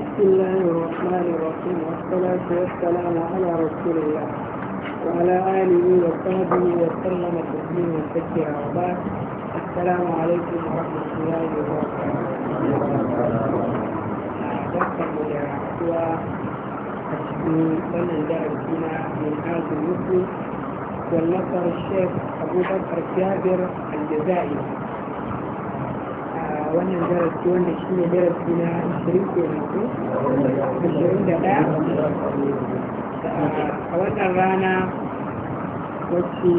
بسم الله الرحمن الرحيم والصلاة والسلام على رسول الله وعلى آله وصحبه وسلم تسليما كثيرا وبعد السلام عليكم ورحمة الله وبركاته. أعزكم يا أخوة من فن دارسنا من هذا المسلم والنصر الشيخ أبو بكر جابر الجزائري wannan darasi wanda shi ne darasi na 20 ke nato 21 a wannan rana wacce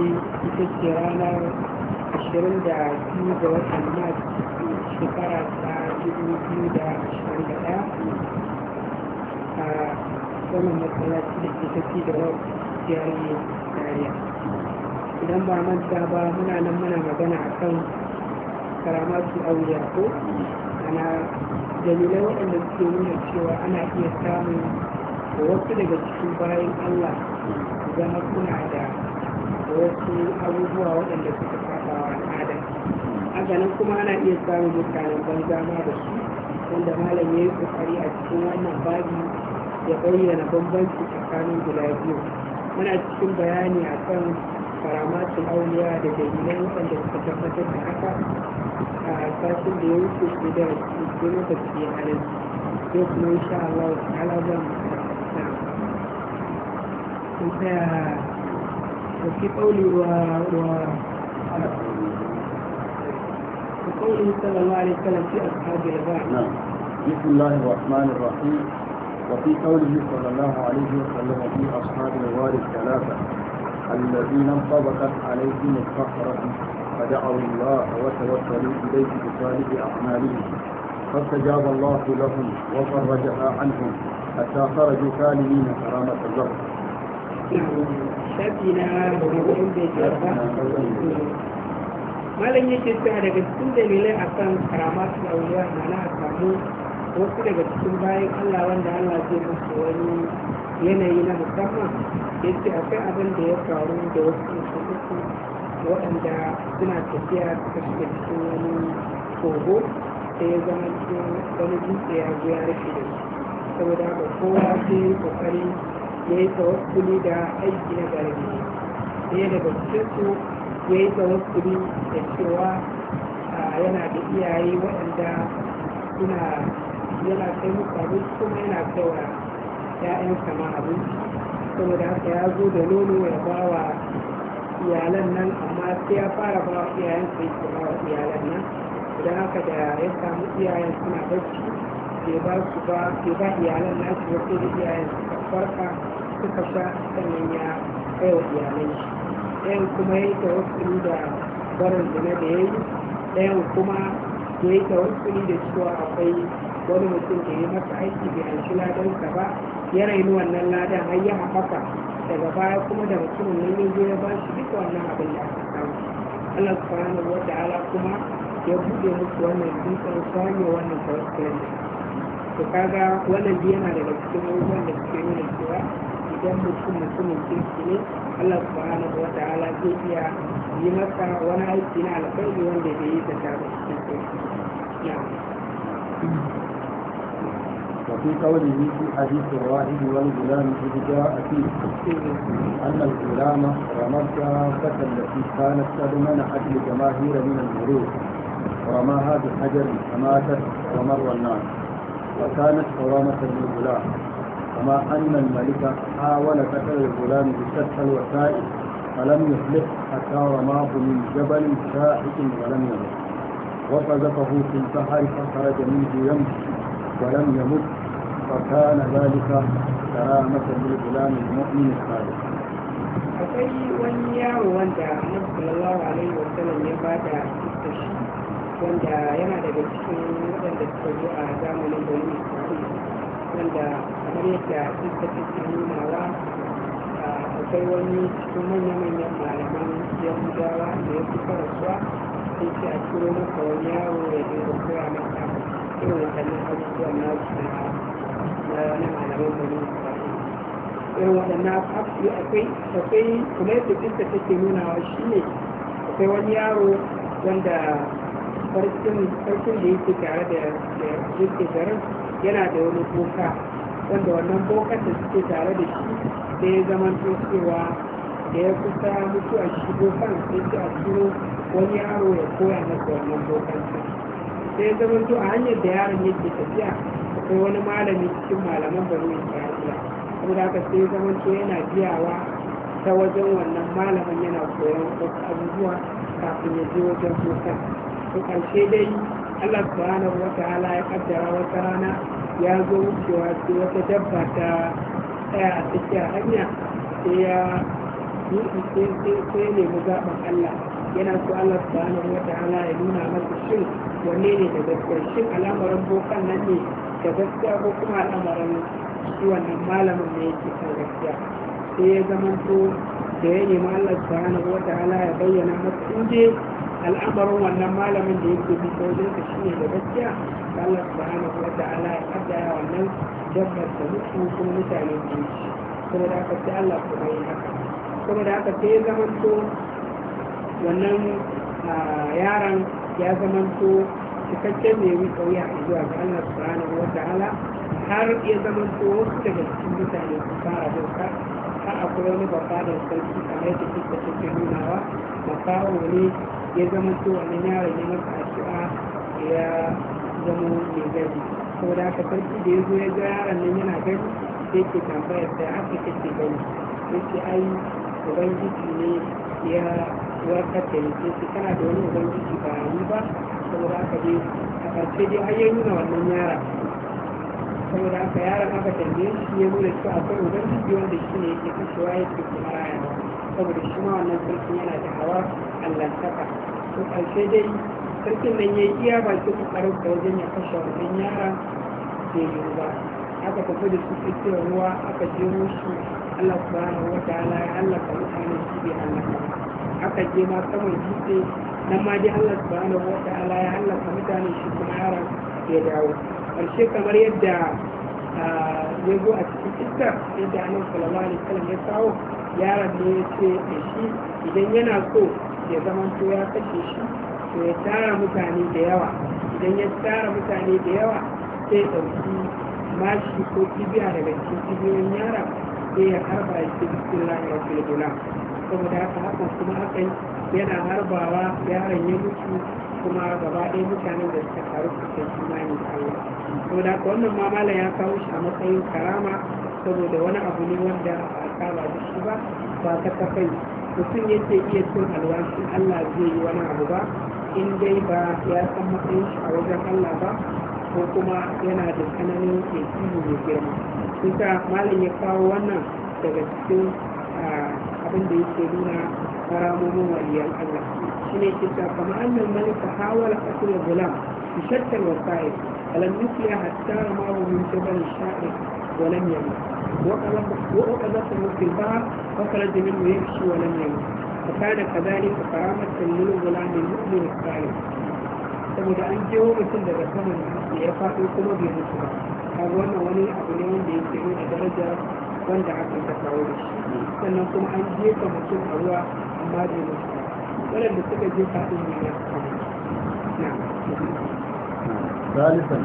ita ce ranar 22 ga watan mars shekara ta 2021 a wannan matsalaci da ke tafi da wasu jari dariya idan ba manta ba muna nan muna magana a kan karamatu auliya ko ana dalilai waɗanda suke nuna cewa ana iya samun wasu daga cikin bayan allah zama kuna da wasu abubuwa waɗanda suka saba wa al'ada haka nan kuma ana iya samun mutanen banza ma da su wanda malam ya yi kokari a cikin wannan babi ya bayyana bambanci tsakanin guda biyu muna cikin bayani akan كرامات الأولياء لدينا عند التجربة الحركة أساس ليوسف بدأ الدنيا إن شاء الله تعالى بم نعم. أنت وفي قولي و و وقوله صلى الله عليه وسلم في أصحاب الغار نعم بسم الله الرحمن الرحيم وفي قوله صلى الله عليه وسلم في اصحاب الغار ثلاثة الذين انطبقت عليهم الفقرة فدعوا الله وتوكلوا إليه بصالح أعمالهم فاستجاب الله لهم وفرجها عنهم حتى خرجوا سالمين كرامة الله. malam yake cewa daga cikin dalilai akan karama su auliya mana a samu wasu daga cikin bayan Allah wanda Allah zai masu wani yanayi na musamman ya ce akwai abin da ya faru da wasu musulmi waɗanda suna tafiya suka shiga cikin wani kogo sai ya zama cikin wani dutse ya rufe da su saboda haka kowa sai kokari ya yi tawakkuli da aiki na garibi ɗaya daga cikin su ya yi tawakkuli da cewa yana da iyaye waɗanda suna yana kai musu kuma yana kai wa ‘ya'yansa ma abinci saboda haka ya zo da nono ya ba wa iyalan nan amma sai ya fara ba wa iyayensa ya ba wa iyalan nan idan haka da ya samu iyayen suna bacci bai ba su ba bai ba iyalan nasu ba sai da iyayen suka farka suka sha sannan ya kai wa iyalan shi ɗayan kuma ya yi tawassuli da barin zina da ya yi ɗayan kuma ya yi tawassuli da cewa akwai wani mutum ke yi masa aiki bai ladan ka ba ya raini wannan ladan har ya haɓaka daga baya kuma da mutumin nan ya zo ya ba shi duka wannan abin da aka samu Allah subhanahu wa ta'ala kuma ya buɗe musu wannan dutsen samun wannan tawakkali to kaga wannan yana daga cikin abubuwan da suke nuna cewa idan mutum mutumin kirki ne Allah subhanahu wa ta'ala zai iya yi masa wani aiki na alkhairi wanda bai yi ta da cikin kirki. Yeah. في قوله في حديث الراهب والغلام إذ جاء فيه أن الغلام رمى التي كانت قد منحت الجماهير من المرور ورماها بحجر فماتت ومر الناس وكانت حرامة للغلام كما أن الملك حاول قتل الغلام بشتى الوسائل فلم يفلح حتى رماه من جبل شاحب ولم يمت وقذفه في البحر فخرج منه يمشي ولم يمت فكان ذلك كرامة للغلام المؤمن الصادق akwai wani yaro wanda annabi sallallahu alaihi wa sallam ya bada da shi wanda yana daga cikin waɗanda suka zo a zamanin da bani isra'ila wanda kamar yadda suka cikin nunawa akwai wani cikin manya-manyan malaman yahudawa da ya fi rasuwa, sai ce a turo masa wani yaro ya dinga koya masa irin waɗannan abubuwan nasu na irin waɗannan akwai akwai kuma yadda ɗinka take nunawa shi ne akwai wani yaro wanda farkin da yake tare da yake garin yana da wani boka wanda wannan bokan da suke tare da shi da ya zama cewa da ya kusa mutu a shi bokan sai ce a turo wani yaro ya koya masa wannan bokan sai ya zama a hanyar da yaron yake tafiya akwai wani malami cikin malaman baro kuma da aka sai zaman yana biyawa ta wajen wannan malaman yana koyon wasu abubuwa kafin ya je wajen sosai to karshe dai allah subhanahu wa ta'ala ya kaddara wata rana ya zo wucewa sai wata dabba ta tsaya a tsakiyar hanya sai ya sai nemi zaɓin allah yana so allah subhanahu wa ta'ala ya nuna masa shin wanne ne da gaskiya shin al'amarin bokan nan ne da gaskiya ko kuma al'amarin shi wannan malamin da yake kan gaskiya sai ya zama to da ya nemi Allah subhanahu wata'ala ya bayyana masa in dai al'amarin wannan malamin da yake bi ta wajen ka shine da gaskiya da Allah subhanahu wata'ala ya kaddara wannan dabbar da mutu ko mutane ke ci kuma da aka sai Allah kuma yi haka kuma da aka sai ya zama to wannan ah, yaran ya zama to cikakken mai yi wuya a zuwa ga Allah subhanahu wa ta'ala har ya zama to wasu daga cikin mutane su fara doka har akwai wani babba da sarki kamar yadda ta take nunawa makawo ne ya zama to wani yaron ne masa addu'a ya zama mai gani saboda haka sarki da ya zo ya ga yaron nan yana gani sai ke tambayar da haka kake gani yake ai ubangiji ne ya warkar da yake kana da wani ubangiji ba ni ba saboda aka dai a ƙarshe dai har ya nuna wannan yara saboda haka yaran aka tambaye shi ya nuna cewa akwai ubangiji wanda shi ne yake kashewa ya ke kuma rayawa saboda shi ma wannan sarkin yana da hawa allantaka to ƙarshe dai sarkin nan ya yi iya bakin ƙoƙarinsa wajen ya kashe wannan yara bai yiwu ba aka tafi da su tsakiyar ruwa aka je musu Allah subhanahu wa ta'ala ya halaka mutane shi bai halaka aka je ma saman dutse nan ma ji Allah subhanahu wa ta'ala ya halaka mutane shi kuma ya dawo karshe kamar yadda ya zo a cikin iska yadda annabi sallallahu alaihi wasallam ya kawo yaran ne ya ce da shi idan yana so ya zama to ya kashe shi to ya tara mutane da yawa idan ya tara mutane da yawa sai ɗauki mashi ko kibiya daga cikin kibiyoyin yara sai ya harba shi cikin saboda haka hakan kuma hakan yana harbawa yaron ya mutu kuma gaba ɗaya mutanen da suka taru su kai imani da Allah saboda haka wannan ma malam ya kawo shi a matsayin karama saboda wani abu ne wanda a kama da shi ba ba ta kafai mutum yake iya cin alwashin Allah zai yi wani abu ba in dai ba ya san matsayin shi a wajen Allah ba ko kuma yana da tsananin yaki mai girma. Kusa malam ya kawo wannan daga cikin abin da yake nuna karamomin waliyan Allah shi ne ke cewa kamar annan malika hawala kasul gulam bi shakkar wasa'il alam yusliha hatta ramahu min jabal sha'ir ولم يمت وأقذف في البحر فخرج منه يمشي ولم يمت فكان كذلك كرامة للغلام المؤمن الصالح saboda an jewo mutum daga saman ya faɗo kuma bai mutu ba kaga wannan wani abu ne wanda yake nuna darajar wanda kawo da shi sannan kuma an jefa mutum a ruwa amma mutu waɗanda suka jefa ɗin ne ya kawo ثالثا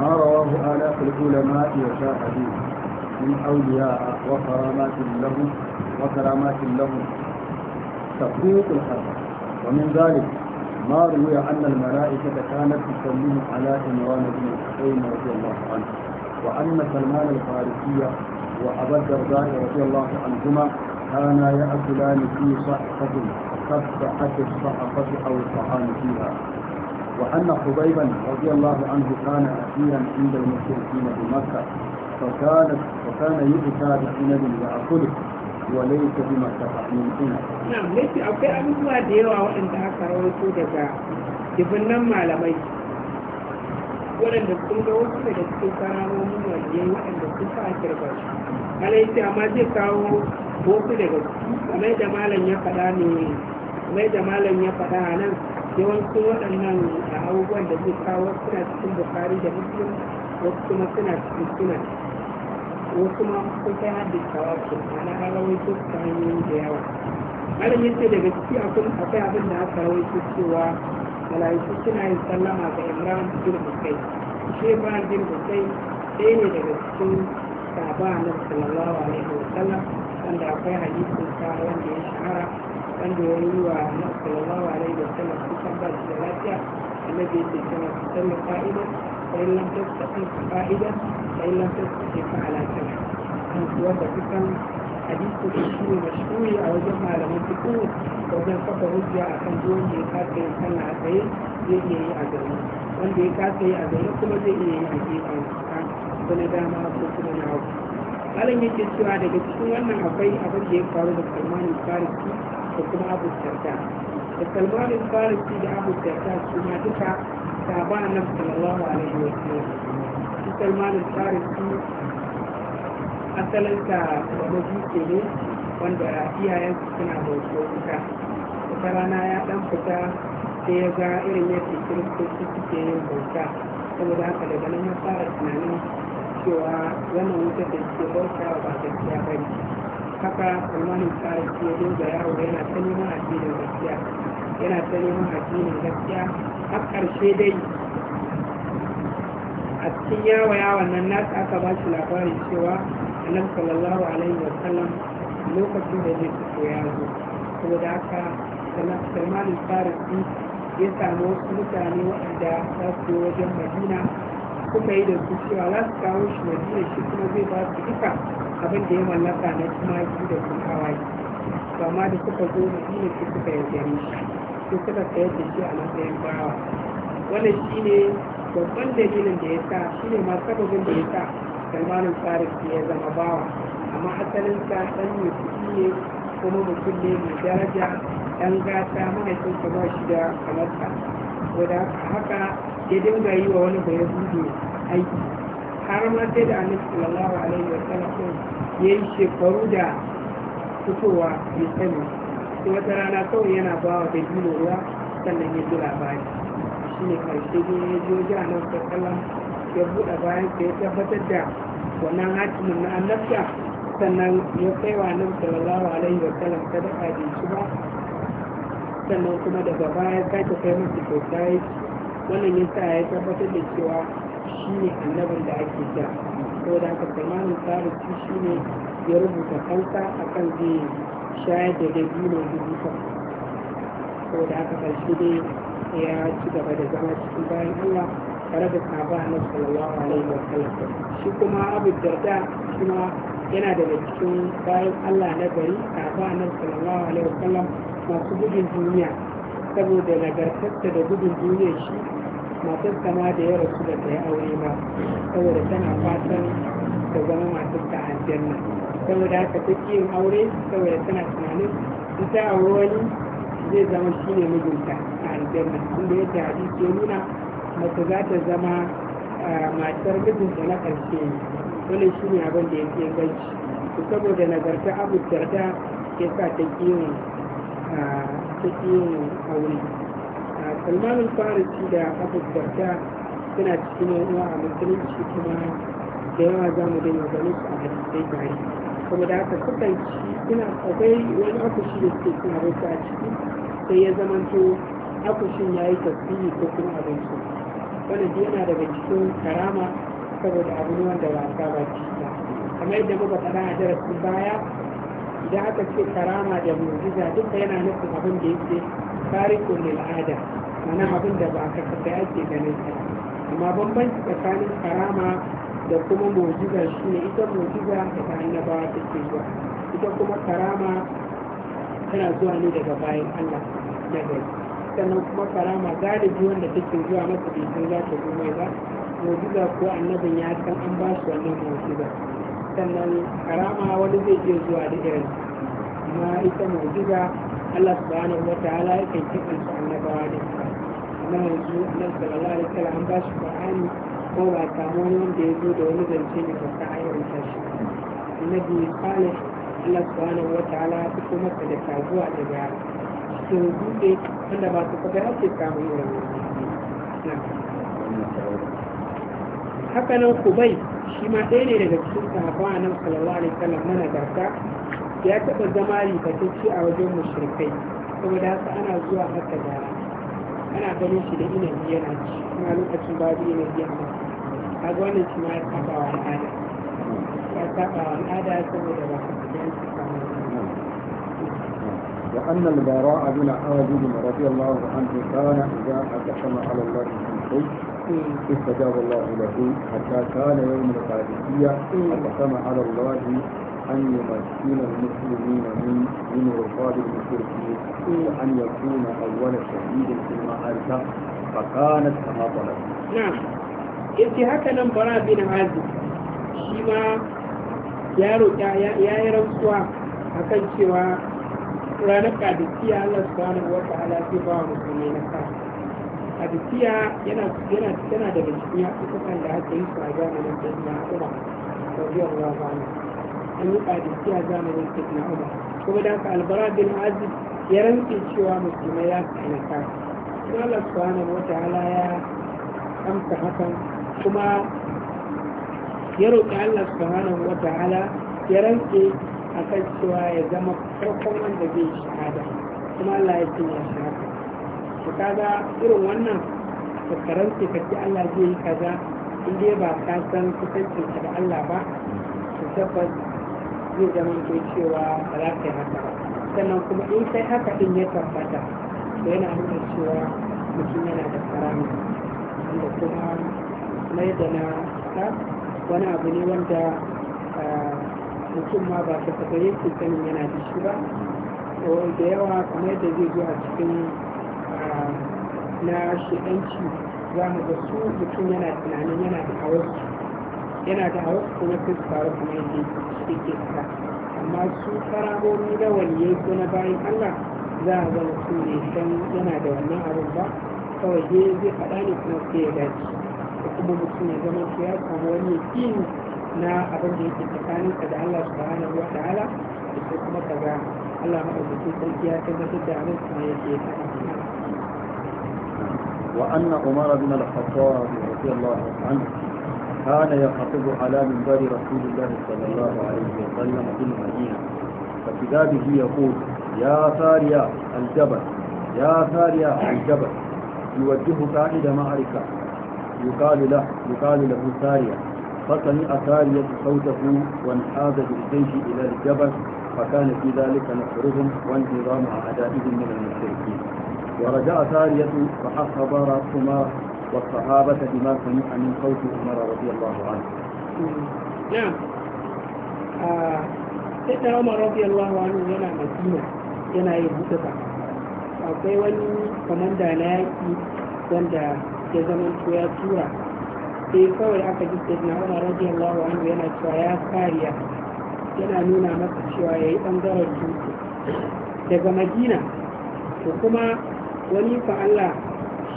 ما رواه آلاف العلماء وشاهدين من أولياء وكرامات لهم وكرامات لهم تفريط الحرب ومن ذلك ما روي أن الملائكة كانت تسلم على عمران بن الحسين رضي الله عنه وأن سلمان الفارسي وأبا الدرداء رضي الله عنهما كانا يأكلان في صحفة ففتحت الصحفة أو الطعام فيها وأن حبيبا رضي الله عنه كان أسيرا عند المشركين بمكة فكانت وكان يؤتى بعنب يأكله وليس بمكة من هنا. نعم ليس أوكي أبوها ديوا وإن تهكروا سودة جبنا معلمين waɗanda sun ga wasu daga cikin karamomin waliyai waɗanda sun sa kirba shi ala yace amma zai kawo wasu daga su kamar da malam ya faɗa ne kamar da malam ya faɗa a nan yawancin waɗannan abubuwan da zai kawo suna cikin bukari da muslim wasu kuma suna cikin suna wasu ma sun kai haddasawa su ana halawaito su ta hanyoyi da yawa malam yace daga ciki akwai abin da aka rawaito cewa malaiku suna yin sallama ga imran bin husayn shi imran bin kai ɗaya ne daga cikin sahaba na sallallahu alaihi wa sallam wanda akwai hadisin sa wanda ya shahara wanda ya yi wa na sallallahu alaihi wa sallam kusan ba shi da lafiya annabi yake cewa su sallar fa'ida فإن لم تستطيع فائدة فإن لم تستطيع فعلى كذا. وتكون hadisi da shi ne mashuri a wajen malaman fiƙo wajen kafa hujja a kan duwan da ya kasa yin a tsaye zai iya yi a gari wanda ya kasa yi a gari kuma zai iya yi a gefen ko na dama ko kuma na hagu malam yake cewa daga cikin wannan akwai abin da ya faru da kalmanin farisi da kuma abu sarda da kalmanin farisi da abu sarda su ma duka saba nan sallallahu alaihi wa sallam kalmanin farisi asalinta ke ne wanda iyayen suna bauto wuta wata rana ya dan fita sai ya ga irin yadda kiristoci suke yin bauta saboda haka daga nan ya fara tunanin cewa wannan wuta da suke bauta ba gaskiya ba ne haka salmanin tsarki ya dinga yawo yana ta neman addinin gaskiya yana ta neman addinin gaskiya har ƙarshe dai a cikin yawa yawon nan na aka ba shi labarin cewa annabi sallallahu alaihi wa sallam lokacin da zai fito ya zo saboda haka salman al-farisi ya samu mutane waɗanda za su yi wajen madina kuma yi da su cewa za su kawo shi madina shi kuma zai ba su duka abin da ya mallaka na tumaki da kuma hawaii amma da suka zo madina shi suka gari shi suka sayar da shi a matsayin bawa wannan shi ne babban dalilin da ya sa shi ne ma sababin da ya sa salmanin da ya zama bawa amma asalin ka dan ne kuɗi ne kuma mutum ne mai daraja dan gata mahaifinsa ba shi da kamarsa da haka ya dinga yi wa wani bayan hudu aiki har ma sai da annabi sallallahu alaihi wa sallam ya yi shekaru da fitowa ya sani sai wata rana kawai yana ba wa dabino ruwa sannan ya jira labari shi ne karshe ne ya ji wajen annabi sallallahu ya buɗe bayan ya tabbatar da wannan hakimin na annabta sannan ya kai wa nan sallallahu alaihi wa sallam ta da shi ba sannan kuma daga baya sake kai masa kyauta ya wannan ya sa ya tabbatar da cewa shi ne annabin da ake da saboda haka salmanin tsarin shi ne ya rubuta kansa akan zai shayar da dabino dubu takwas saboda haka ƙarshe dai ya ci gaba da zama cikin bayan Allah tare da sahaba na sallallahu alaihi wa sallam shi kuma abu darda shi yana da cikin bayan Allah na gari sahaba na sallallahu alaihi wa sallam masu gudun duniya saboda nagartarsa da gudun duniya shi matar sama da ya rasu da ta yi aure ba saboda tana fatan ta zama matar ta aljanna saboda haka ta yin aure saboda tana tunanin ita aure wani zai zama shi ne mijinta a aljanna inda yadda hadisi ya nuna mace za ta zama matar mijinta na ƙarshe dole shi ne abin da yake ganci to saboda nagarta abu tarda ke sa ta kiyon ta kiyon aure salmanin farisi da abu tarda suna cikin yawa a musulunci kuma da yawa za mu dai ganin su a hadisai tare kuma da haka sukan shi suna akwai wani akushi da suke suna rusa a ciki sai ya to akushin ya yi tasiri ko kuma su. wannan yana daga cikin karama saboda abu ne wanda ba ta ba ci ba kamar yadda muka faɗa a darasin baya idan aka ce karama da mu'jiza duka yana nufin abin da yake tarikun al'ada mana abin da ba ka kafa ake ganin ta amma bambanci tsakanin karama da kuma mu'jiza shine ita mu'jiza daga annabawa take zuwa ita kuma karama tana zuwa ne daga bayan Allah na gari sannan kuma karama galibi wanda take zuwa masa bai san za ta zo mai ba mu'jiza ko annabin ya san an ba shi wannan mu'jiza sannan karama wani zai iya zuwa da irin amma ita mu'jiza Allah subhanahu wa ta'ala ya kan kiɗan su annabawa da ita amma yanzu nan sallallahu alaihi wasallam an ba shi Qur'ani ko ba ta wani wanda ya zo da wani zance mai kasa ayyukan tashi annabi Salih Allah subhanahu wa ta'ala ya fito masa da taguwa daga Hakanan buɗe wanda haka nan kubai shi ma ɗaya ne daga cikin sahaba nan sallallahu alaihi wasallam na nagarta ya taɓa zama ribatacce a wajen mushrikai saboda haka ana zuwa haka da ana ganin shi da inabi yana ci kuma lokacin babu inabi a masa kaga wannan shi ma ya taɓa wa al'ada ya taɓa wa al'ada saboda ba ka وأن البراء بن عازب رضي الله عنه كان إذا أقسم على الله في شيء استجاب الله له حتى كان يوم القادسية أقسم على الله أن يمكن المسلمين من من رقاب المشركين وأن يكون أول شهيد في المعركة فكانت كما طلب. نعم. انتهاك البراء بن عازب شيما يا يا يا رسول akan cewa ranar kadisiya Allah subhanahu wa ta'ala zai ba musulmai na sa kadisiya yana yana tana daga cikin yakukan da aka yi su a zamanin sayyidina Umar radiyallahu anhu an yi kadisiya zamanin sayyidina Umar kuma da haka albara bin aziz ya rantsi cewa musulmai ya su na sa kuma Allah subhanahu wa ta'ala ya amsa hakan kuma ya roƙi Allah subhanahu wa ta'ala ya rantsi. a kan cewa ya zama farkon wanda zai shahada kuma Allah ya ce ya shahada to kaga irin wannan tsakarar karanta ka Allah zai yi kaza inda ba ka san kusancin da Allah ba to tabbas zai zama to cewa ba za ka yi haka sannan kuma in kai haka din ya tabbata to yana nuna cewa mutum yana da karami wanda kuma mai da na wani abu ne wanda ah, mutum ma ba ta kafa yake sanin yana da shi ba da yawa kamar da zai zuwa cikin na shiɗanci za mu ga su mutum yana tunanin yana da hawarsu yana da hawarsu kuma sai su faru kuma yake yake ta amma su karamomi da wani ko na bayan allah za a zama su ne san yana da wannan abin ba kawai zai zai faɗa ne kuma sai ya dace kuma mutum ya zama ya samu wani yakini na abin في yake tsakanin ka da Allah subhanahu wa ta'ala da ko kuma ka ga Allah madaukakin sarki ya وأن عمر بن الخطاب رضي الله عنه كان يخطب على منبر رسول الله صلى الله عليه وسلم في المدينة فكتابه يقول يا ثاريا الجبل يا ثاريا الجبل يوجهك قائد معركة يقال له يقال له ثاريا فسمع سارية صوته وانحاز بالجيش إلى الجبل فكان في ذلك نصرهم وانتظام أعدائهم من المشركين ورجع سارية فحفظ رأسهما والصحابة بما سمع من صوت عمر رضي الله عنه نعم آه، سيدنا عمر رضي الله عنه ينا مدينة ينا يبوتك akwai wani kamanda na yaki wanda شوية zama sai kawai aka ji sayyidina umar radiyallahu anhu yana cewa ya kariya yana nuna masa cewa ya yi ɓangaren dutse daga madina to kuma wani fa Allah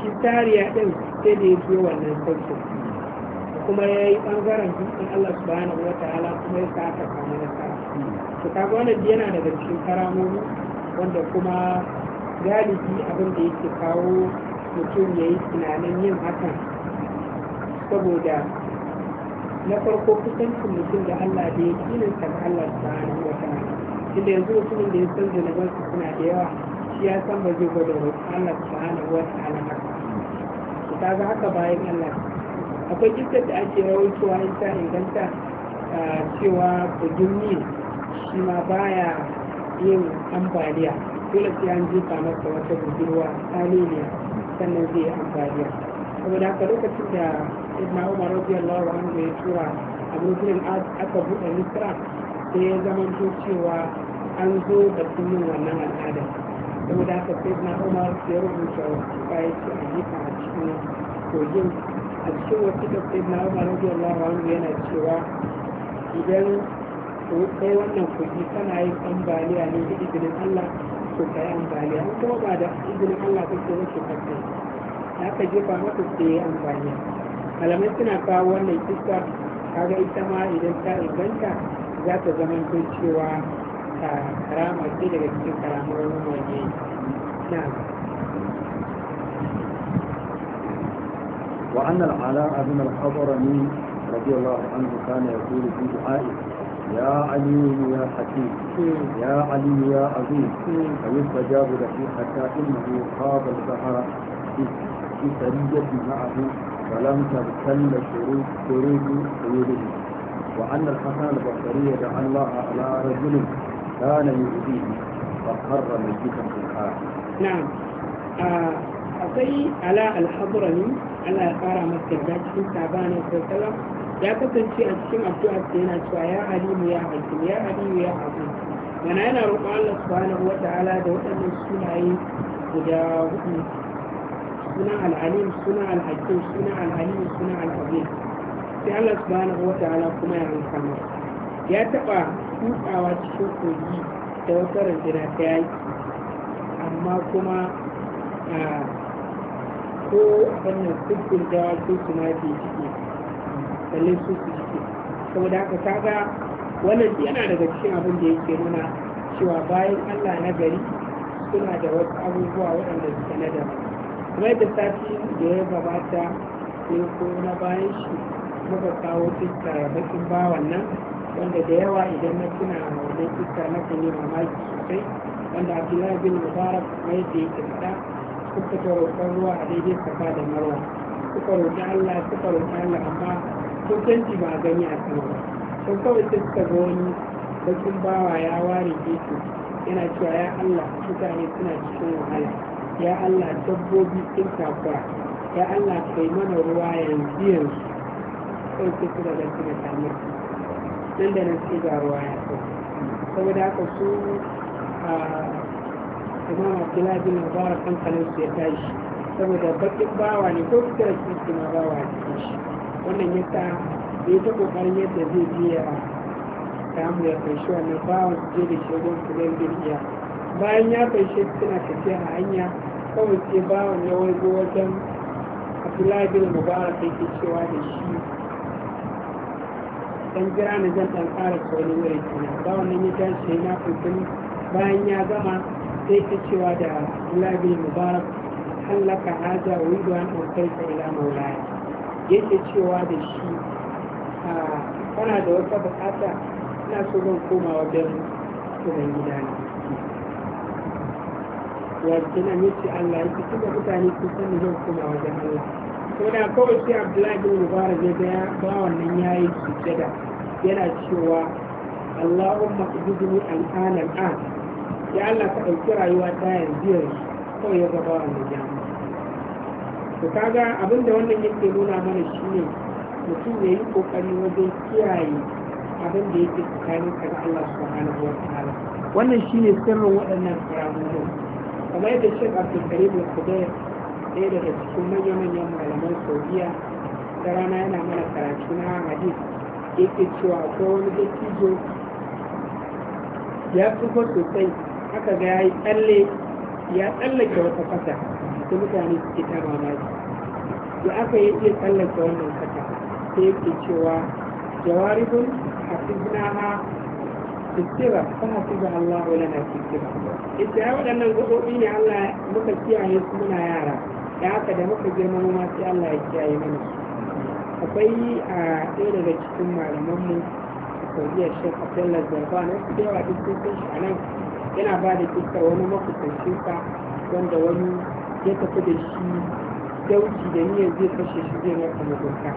shi kariya ɗin sai da ya je wannan sauki kuma ya yi ɓangaren tuntun Allah subhanahu wata ta'ala kuma ya sa aka samu nasara to kaga wannan yana daga cikin karamomi wanda kuma galibi abin da yake kawo mutum ya yi tunanin yin hakan saboda na farko kusancin mutum da Allah da ya kinin sa ga Allah subhanahu wa ta'ala inda yanzu mutumin da ya san zanaban su suna da yawa shi ya san ba zai gwada wa Allah subhanahu wa ta'ala haka ta ga haka bayan Allah akwai kisar da ake rawaitowa in ta inganta cewa bujumi shi ma baya yin ambaliya dole sai an jefa masa wata budurwa tsaliliya sannan zai yi ambaliya saboda haka lokacin da ibn umar radiyallahu anhu ya tura a muslim aka buɗe misra sai ya zama to cewa an zo da sunan wannan al'ada saboda haka sai ibn umar ya rubuta kayan shi a jifa a cikin kogin a cikin wasu da sai ibn umar radiyallahu anhu yana cewa idan kai wannan kogi kana yin ambaliya ne da izinin allah to ka yi ambaliya kuma ba da izinin allah kake wasu kake haka jefa maka sai ambaliya malamai suna kawo wannan kisa kaga ita ma idan ta inganta za ta zama cewa ta ah, karama ce daga cikin karamar wani na وأن العلاء بن الحضرمي رضي الله عنه كان يقول في دعائه يا علي يا حكيم يا علي يا عظيم فيستجاب لك حتى إنه خاض البحر في سرية معه ولم تبتل شروط شروط قيوده وأن الحسن البصري جعلها على رجل كان يؤذيه فقر ميتا في الحال نعم akwai ala alhadrami ala ya fara masa cikin sabanin sallallahu ya kasance a cikin addu'ar da yana cewa ya alimu ya hakim ya alimu ya abu mana yana roƙon Allah subhanahu wa ta'ala da waɗannan sunaye guda hudu suna al'alim suna al'akim suna al'alim suna al'azim sai Allah subhanahu wa ta'ala kuma ya hankama ya taɓa kutsawa cikin kogi da wata rantana ta yaki amma kuma ko wannan sukun dawa ko su ma ke ciki balle su su ciki saboda haka kaga wannan yana daga cikin abin da yake nuna cewa bayan Allah na gari suna da wasu abubuwa waɗanda suke na daban mai da sati da ya gabata sai ko na bayan shi muka kawo fiska ya bakin bawa nan wanda da yawa idan na tuna wannan fiska na kan yi mamaki sosai wanda abdullahi bin mubarak kamar yadda ya faɗa suka ta ruwa a daidai kaka da marwa suka roƙi allah suka roƙi allah amma sun kanti ba a gani a sama ba sun kawai suka ga wani bakin bawa ya ware gefe yana cewa ya allah mutane suna cikin wahala ya Allah dabbobi sun takura ya Allah kai mana ruwa yanzu yanzu sai su kira da suna samar nan da nan sai ga ruwa ya so saboda haka su a imam abdullahi bin mubarak hankalin su ya tashi saboda bakin bawa ne ko fitar kirki kuma bawa ne wannan ya sa da ya ta kokarin yadda zai biya a samu ya kai shi wannan bawa su je da shi wajen kudin zai bayan ya shi suna tafiya a hanya kawai sai bawan ya waigo wajen abdullahi bin mubarak yake cewa da shi dan jira na zan dan ƙara tsoni wurin kina bawan nan ya tashi na fulfin bayan ya gama sai ta cewa da abdullahi bin mubarak hallaka haja wa yi duwan ɗaukar kai ila maulaya yake cewa da shi kana da wata bukata ina so zan koma wajen tunan gidana wajen aminci Allah yake tun da mutane sun sani zan koma wajen Allah kuma da kawai sai Abdullahi bin Mubarak ya ga ba wannan yayi sujjada yana cewa Allahumma ijidni al'an an, ya Allah ka ɗauki rayuwa ta yanzu yanzu kawai ya gaba wannan jami'a to kaga abin da wannan yake nuna mana ne, mutum ya yi kokari wajen kiyaye abin da yake tsakanin ka Allah subhanahu wa ta'ala wannan shine sirrin waɗannan karamomin kamar yadda shek karim da kudair ɗaya daga cikin manya-manyan malaman saudiya ta rana yana mana karatu na hadis yake cewa ko wani dattijo ya tsufa sosai aka ga ya yi tsalle ya tsallake wata kasa da mutane suke ta mamaki da aka yi iya tsallake wannan kasa sai yake cewa jawaribun hafizna sittira kuma su ga Allah wala na sittira ita ya waɗannan gaɓoɓi ne Allah muka kiyaye su muna yara da haka da muka girma ma sai Allah ya kiyaye mana akwai a ɗaya daga cikin malamanmu saudiya shek abdullah zarba na su yawa duk sun san shi a nan yana ba da kiskar wani makusancin sa wanda wani ya tafi da shi dauji da niyyar zai kashe shi zai masa mugunta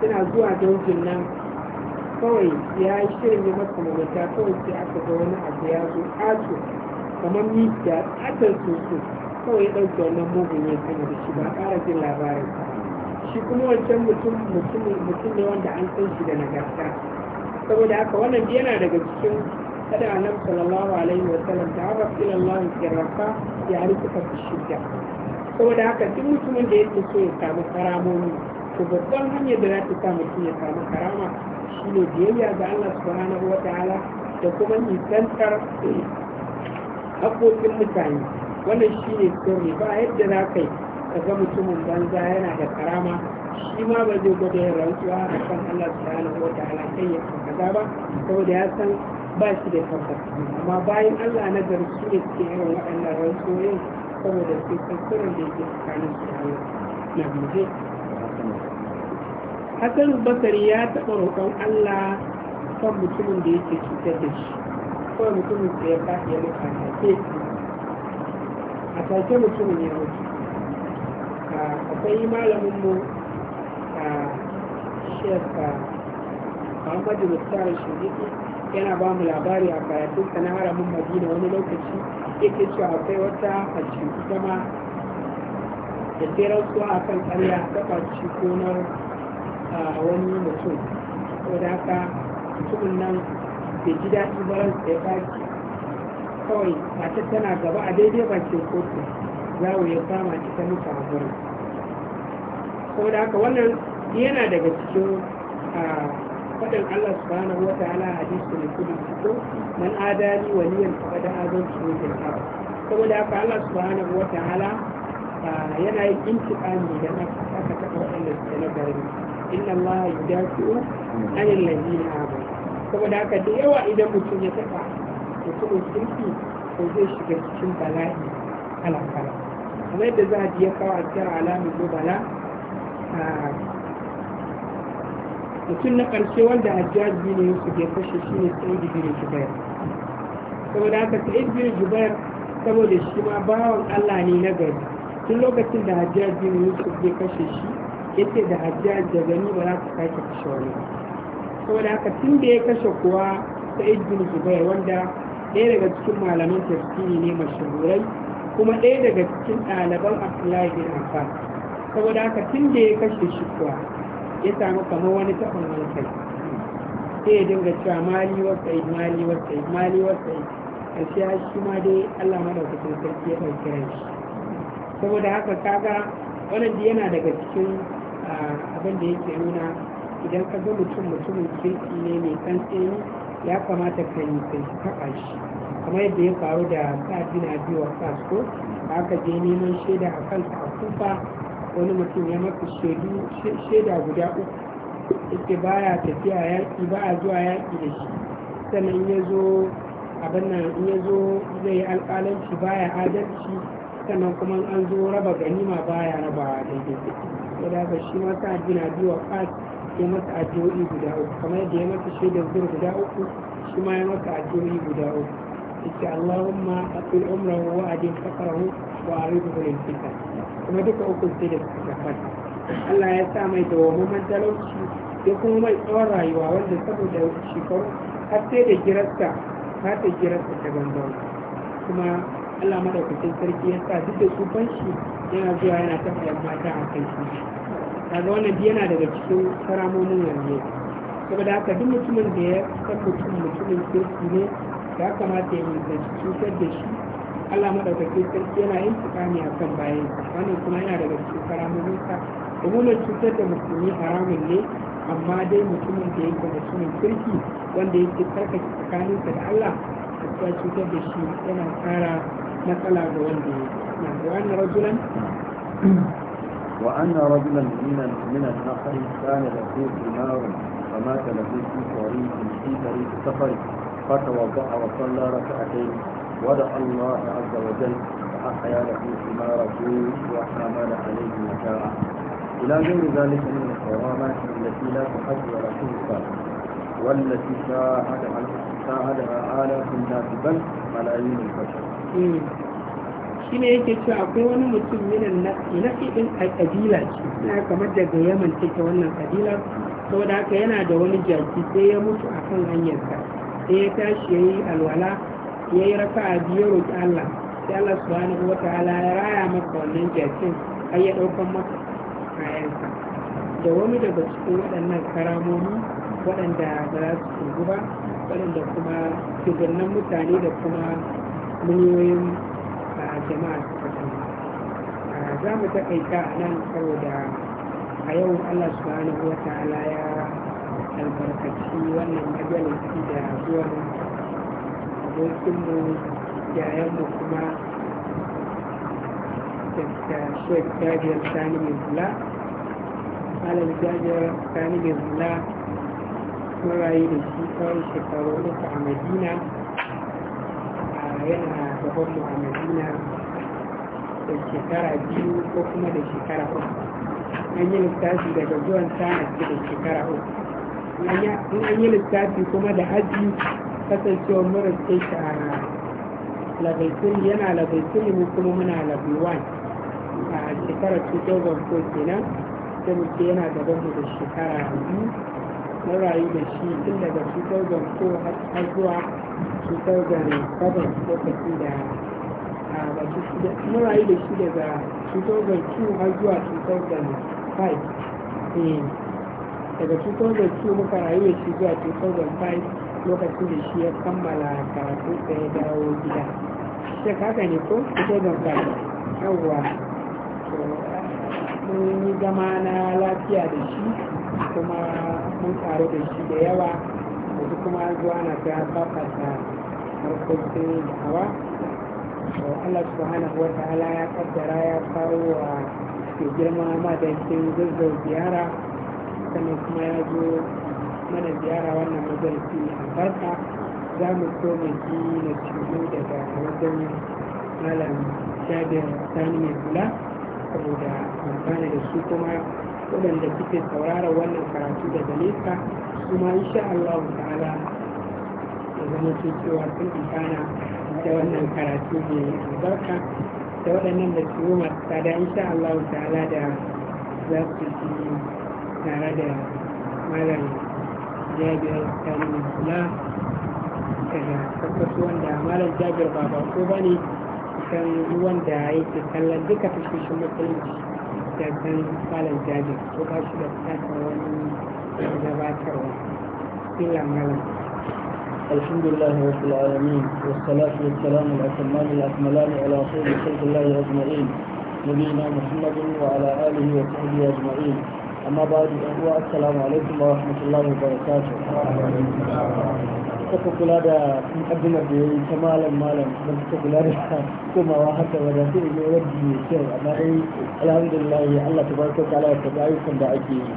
suna zuwa daujin nan kawai ya yi shirin ne masu mamata kawai sai aka ga wani abu ya zo ato kamar da atar soso kawai ya ɗauke wannan mugun ya sanya da shi ba ƙara jin labarin shi kuma wancan mutum mutum ne wanda an san shi da nagarta saboda haka wannan yana daga cikin kada nan sallallahu alaihi wa sallam da haka ila Allah kirrafa ya rufe ka shirya. saboda haka duk mutumin da ya so ya samu karamomi to babban hanyar da za ta sa mutum ya samu karama shine biyayya ga Allah subhanahu wa ta'ala da kuma nisantar haƙoƙin mutane wannan shine sirri ba yadda za ka ka ga mutumin banza yana da karama shi ma ba zai gwada yin rantsuwa a kan Allah subhanahu wa ta'ala kai ya kaza ba saboda ya san ba shi da tabbas amma bayan Allah na gari su ne suke irin waɗannan rantsuwoyin saboda su san sirrin da yake tsakanin su da Allah hassan basari ya taɓa roƙon allah kan mutumin da yake cutar da shi kawai mutumin da ya faɗi ya mutu a a sake mutumin ya mutu akwai malamin mu a shekka muhammadu mustar shiriki yana ba mu labari a karatunsa na haramin madina wani lokaci yake cewa akwai wata hajji zama da tseren suwa a kan tsariya ta ɓaci gonar a wani mutum saboda haka mutumin nan bai ji daɗi baran ya baki kawai mace tana gaba a daidai bakin kotu za mu ya kama ta ta mutu a gurin saboda haka wannan yana daga cikin faɗin Allah subhanahu wa ta'ala hadisi da kudu ko man adani waliyan faɗa da azan su ne saboda haka Allah subhanahu wa ta'ala yana yin intiƙami da aka taɓa waɗanda suke na garin inna Allah an anil ladina amanu saboda haka da yawa idan mutum ya taɓa mutumin kirki ko zai shiga cikin bala'i kala kala kamar yadda za a biya kawo a cikin alamin gobala mutum na ƙarshe wanda hajjaji ne su ya kashe shi ne sai da bin jubair saboda haka sai da bin jubair saboda shi ma bawan allah ne na gari tun lokacin da hajjaji ne su ya kashe shi yake da hajjaj da gani ba za ka sake kashe wani ba. saboda haka tun da ya kashe kuwa ta ibn zubair wanda ɗaya daga cikin malamin tafsiri ne mashahurai kuma ɗaya daga cikin ɗaliban abdullahi bin abbas saboda haka tun da ya kashe shi kuwa ya samu kamar wani taɓin hankali sai ya dinga cewa mali wasa mali wasa mali wasa ƙarshe ya shi ma dai allah maɗaukakin sarki ya ɗauki ran saboda haka kaga wannan yana daga cikin abin da yake nuna idan ka ga mutum mutumin kirki ne mai kansini ya kamata ka yi kai shi kamar yadda ya faru da sa'adi na biyu wa kasko aka je neman shaida a kansa a kufa wani mutum ya maka shaida guda uku yake ya tafiya yaƙi ba a zuwa yaƙi da shi sannan ya zo abin nan in ya zo zai alƙalanci ya adalci sannan kuma an zo raba ganima ba baya raba daidai saboda haka shi ma sa'ad biyu a waqas ya masa addu'o'i guda uku kamar yadda ya masa shaidar zuru guda uku shi ma ya masa addu'o'i guda uku yace Allahumma aqil umrahu wa adin faqrahu wa aridhu lil fita. kuma duka uku sai da suka fata Allah ya sa mai dawamman talauci ya kuma mai tsawon rayuwa wanda saboda shekaru har sai da girarsa ta ta girarsa ta gangan kuma Allah madaukakin sarki ya sa duk da tsufan shi yana zuwa yana tafiya mata a kai shi kaga wannan yana daga cikin karamomin yanzu saboda haka duk mutumin da ya san mutum mutumin kirki ne ya kamata ya yi da cutar da shi Allah madaukakin sarki yana yin tsakani a kan bayan wannan kuma yana daga cikin karamomin karamominsa umumin cutar da musulmi haramun ne amma dai mutumin da yake sunan kirki wanda yake tsarkake tsakaninsa da Allah da cutar da shi yana kara matsala ga wanda yake نعم. وأن رجلا وأن رجلا من من النخل كان له دمار فمات له في طريق في طريق سفر فتوضأ وصلى ركعتين ودعا الله عز وجل فأحيا له ثماره وحمل عليه متاعه إلى غير ذلك من الكرامات التي لا تحد ولا تنسى والتي شاهدها شاهدها آلاف الناس بل ملايين البشر. إيه. shi ne yake cewa akwai wani mutum minan nasi nasi din a kabila ce na kamar daga yaman take wannan kabila saboda haka yana da wani jaki sai ya mutu a kan hanyarsa sai ya tashi ya yi alwala ya yi raka a biyu roƙi allah sai allah wani wata ala ya raya maka wannan jakin har ya ɗaukan maka kayansa da wani daga cikin waɗannan karamomi waɗanda ba za su turgu ba waɗanda kuma shugabannin mutane da kuma miliyoyin a jama'a suka sani za mu takaita nan saboda a yau allah subhanahu wa ta'ala ya albarkaci wannan majalisi da zuwan abokinmu yayanmu kuma da shek jajiyar sani mai kula malam jajiyar sani mai kula yi da shi tsawon shekaru uku a madina yana gabanmu a madina da shekara biyu ko kuma da shekara uku an yi lissafi daga zuwan sanarci da shekara uku in an yi lissafi kuma da hajji kasancewar mura ce shi a labaitul yana labaitul mu kuma muna labaiwan a shekara 2004 kenan sai muke yana gabanmu da shekara biyu na rayu da shi tun daga 2004 har zuwa cutar da sabon lokaci da baki shida muna yi da shi daga cutar da ciwo har zuwa cutar da five eh, daga cutar da ciwo muka rayu da shi zuwa cutar da five lokacin da shi ya kammala karatu da ya dawo gida shi haka ne ko cutar da five yawwa mun yi zama na lafiya da shi kuma mun karu da shi da yawa yanzu kuma an zuwa na ta fafata da hawa to Allah subhanahu wa ta'ala ya kaddara ya kawo wa ke girma madakin zazzau ziyara sannan kuma ya zo mana ziyara wannan majalisi a farka za mu so mu ji na cikin daga wajen malam jabir sani mai kula saboda amfani da su kuma waɗanda suke sauraron wannan karatu daga nesa kuma insha Allah ta'ala ya zama ke cewa sun amfana da wannan karatu mai albarka da waɗannan da su masu tsada insha Allah ta'ala da za su ci tare da malam jabir sani kula daga tabbasu wanda malam jabir ba ba ko ba ne kan wanda yake kallon duka tashoshin musulunci الحمد لله رب العالمين والصلاة والسلام الأتمان الأكملان على خير خلق الله أجمعين نبينا محمد وعلى آله وصحبه أجمعين أما بعد السلام عليكم ورحمة الله وبركاته suka kula da mukaddimar da ya yi ta malam malam da suka kula da komawa haka wadda su ne wadda mai kyau amma dai alhamdulillah ya Allah ta barka kala ta tabi ayyukan da ake yi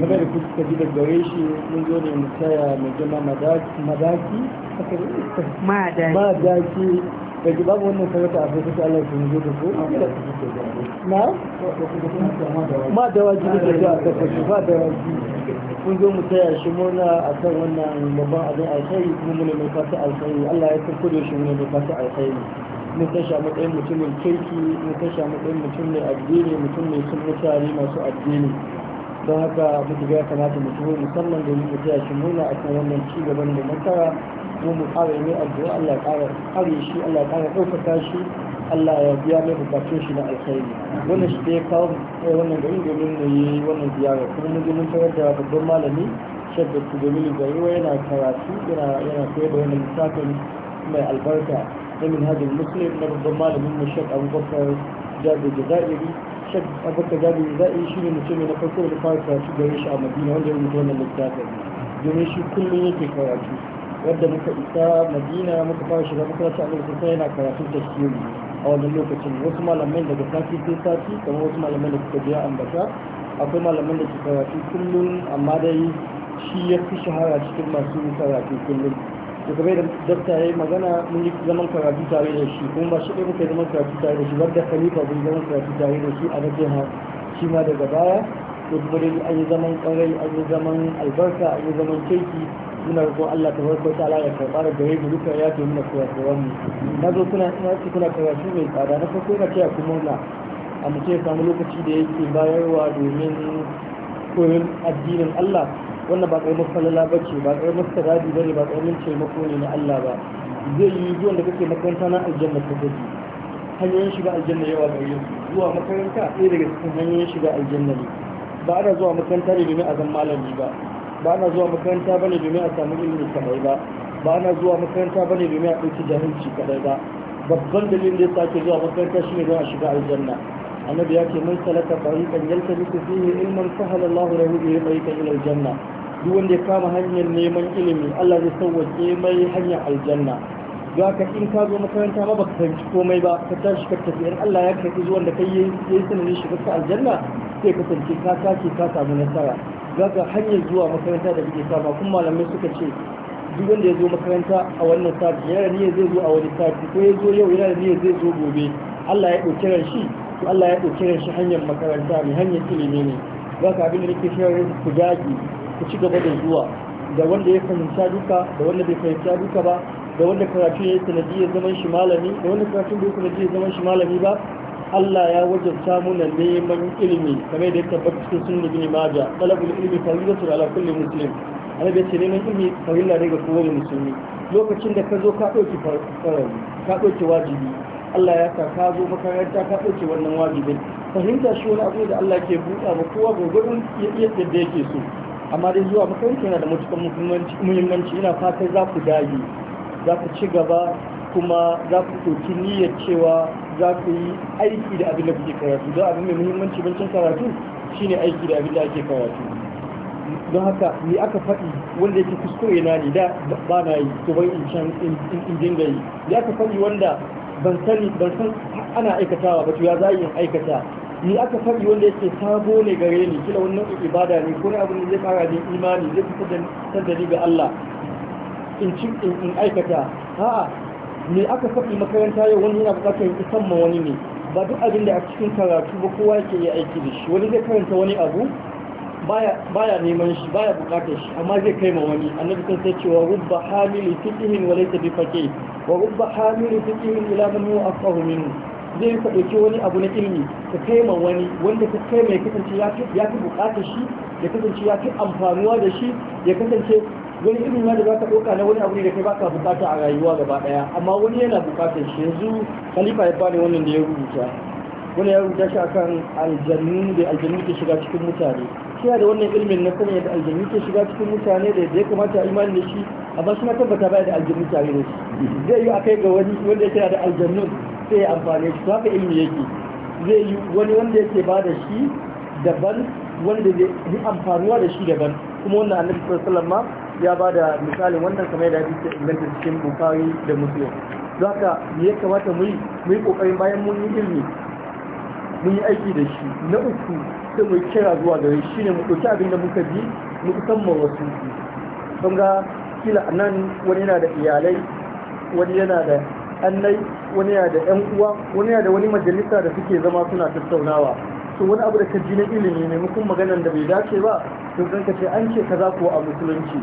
kuma da kuka kaji da gare shi mun zo ne mu taya mai jama madaki madaki da ji babu wannan sarauta a sai ta Allah sun zo da su na ma da wajibi da ta ta ba da wajibi kun zo mu taya shi murna a kan wannan babban abin alkhairi kuma muna mai fata alkhairi Allah ya san kudu shi muna mai fata alkhairi mun tashi a matsayin mutumin kirki mun tashi a matsayin mutum mai addini mutum mai sun mutane masu addini don haka mutu ya kamata mu tuho musamman domin mu taya shi murna a kan wannan cigaban da makara ko mu ƙara mai addu'a Allah ya ƙara kare shi Allah ya ƙara ɗaukaka shi Allah ya biya mai bukatun shi na alkhairi wannan shi ke ya kawo wannan garin domin mu yi wannan ziyara kuma mun je mun tarar da babban malami shadda su domin gariwa yana karatu yana yana koyar da wannan lissafin mai albarka na minhajin muslim na babban malamin mu shek abubakar jabi jazairi shek abubakar jabi jazairi shi ne mutum na farko da fara karatu gare shi a madina wanda ya rubuta wannan littafin domin shi kullum yake karatu wadda muka isa madina muka fara shiga a annabi sai yana karatun tafsiri a wannan lokacin wasu malamai daga sati sai sati kamar wasu malamai da suka biya ambata akwai malamai da ke karatu kullum amma dai shi ya fi shahara cikin masu karatu kullum da kamar da dakta ya yi magana mun yi zaman karatu tare da shi kuma ba shi ɗaya muka yi zaman karatu tare da shi ba da khalifa mun zaman karatu tare da shi a na jiha shi ma daga baya da kuma dai an yi zaman ƙarai an yi zaman albarka an yi zaman kirki muna roƙon Allah ta farko ta Allah ya karɓa da gare mu duka ya to muna kuwa kowa mu na zo kuna ina ci kuna karatu mai tsada na farko ina cewa kuma na a mutum ya samu lokaci da yake bayarwa domin koyon addinin Allah wannan ba ƙaramin falala ba ce ba ƙaramin sarari ba ne ba ƙaramin taimako ne na Allah ba zai yi zuwan da kake makaranta na aljanna ta gaji hanyoyin shiga aljanna yawa ga su zuwa makaranta ɗaya daga cikin hanyoyin shiga aljanna ne ba ana zuwa makaranta ne domin a zan malami ba ba na zuwa makaranta bane domin a samu ilimi kadai ba ba na zuwa makaranta bane domin a ɗauki jahilci kadai ba babban dalilin da ya ke zuwa makaranta shine don a shiga aljanna annabi ya ce mun salaka tariqan yaltamisu fihi ilman sahala Allahu lahu bihi tariqan ila aljanna duk wanda ya kama hanyar neman ilimi Allah zai sauwaƙe mai hanyar aljanna ga ka in ka zo makaranta ma baka fahimci komai ba ka tashi ka tafi in Allah ya karɓi zuwan da kai yayi sanin ka aljanna sai ka kasance ka sake ka samu nasara gaga hanyar zuwa makaranta da kuke sama kuma malamai suka ce duk wanda ya zo makaranta a wannan sati yana da zai zo a wani sati ko ya zo yau yana da niyya zai zo gobe Allah ya ɗauki ran shi to Allah ya ɗauki ran shi hanyar makaranta ne hanyar ilimi ne za ka abin da nake ku dage ku ci gaba da zuwa da wanda ya fahimta duka da wanda bai fahimta duka ba da wanda karatu ya yi sanadiyar zaman sanadiyar zaman shi malami ba Allah ya wajabta muna neman ilimi kamar da ya tabbata cikin sunna bin maja talabul ilmi fardatu ala kulli muslim annabi ce neman ilimi farilla ne ga kowane musulmi lokacin da ka zo ka dauki ka dauki wajibi Allah ya sa ka zo makaranta ka dauki wannan wajibin fahimta shi wani abu da Allah ke buɗa ma kowa gurgurun yadda yake so amma dai zuwa makaranta yana da matukar muhimmanci ina fatan za ku dage za ku ci gaba kuma za ku ɗauki niyyar cewa za ku yi aiki da abin da kuke karatu don abin mai muhimmanci bancin karatu shine aiki da abin da ake karatu don haka ni aka faɗi wanda yake kuskure na ne da ba na yi to bai in can in dinga yi ni aka faɗi wanda ban sani ban san ana aikatawa ba to ya za yin aikata ni aka faɗi wanda yake sabo ne gare ni kila wannan ibada ne ko abin da zai fara ni imani zai fitar da ni ga Allah in aikata a'a me aka faɗi makaranta yau wani yana buƙatar ya isan wani ne ba duk abin da a cikin karatu ba kowa yake yi aiki da shi wani zai karanta wani abu baya neman shi baya bukatar shi amma zai kai ma wani annabi sun sai cewa rubba hamili fiqhin wa laysa bi faqih wa rubba hamili fiqhin ila man huwa afqahu minhu zai ka ɗauki wani abu na ilimi ka kai ma wani wanda ka kai mai kasance ya fi bukatar shi ya kasance ya fi amfanuwa da shi ya kasance wani ilimi ma da za ka ɗauka na wani abu ne da kai baka bukata a rayuwa gaba ɗaya amma wani yana bukatar shi yanzu khalifa ya bani wannan da ya rubuta wani ya rubuta shi akan aljannu da aljannu ke shiga cikin mutane kiyar da wannan ilimin na sanya da aljannu ke shiga cikin mutane da ya kamata a imani da shi amma shi na tabbata baya da aljannu tare da shi zai yi akai ga wani wanda yake da aljannun sai amfani shi ta haka ilmi yake zai yi wani wanda yake ba da shi daban wanda zai yi amfanuwa da shi daban kuma wannan annabi sallallahu alaihi ya ba da misalin wannan kamar yadda yake inganta cikin bukari da muslim zaka me ya kamata mu yi mu yi kokarin bayan mun yi ilmi mun yi aiki da shi na uku sai mu kira zuwa gare shi ne mu ɗauki abin da muka ji mu musamman wasu kun ga kila nan wani yana da iyalai wani yana da annai wani ya da yan uwa wani ya da wani majalisa da suke zama suna tattaunawa to wani abu da ka ji na ilimi mukun maganar da bai dace ba to zan ka ce an ce kaza ko a musulunci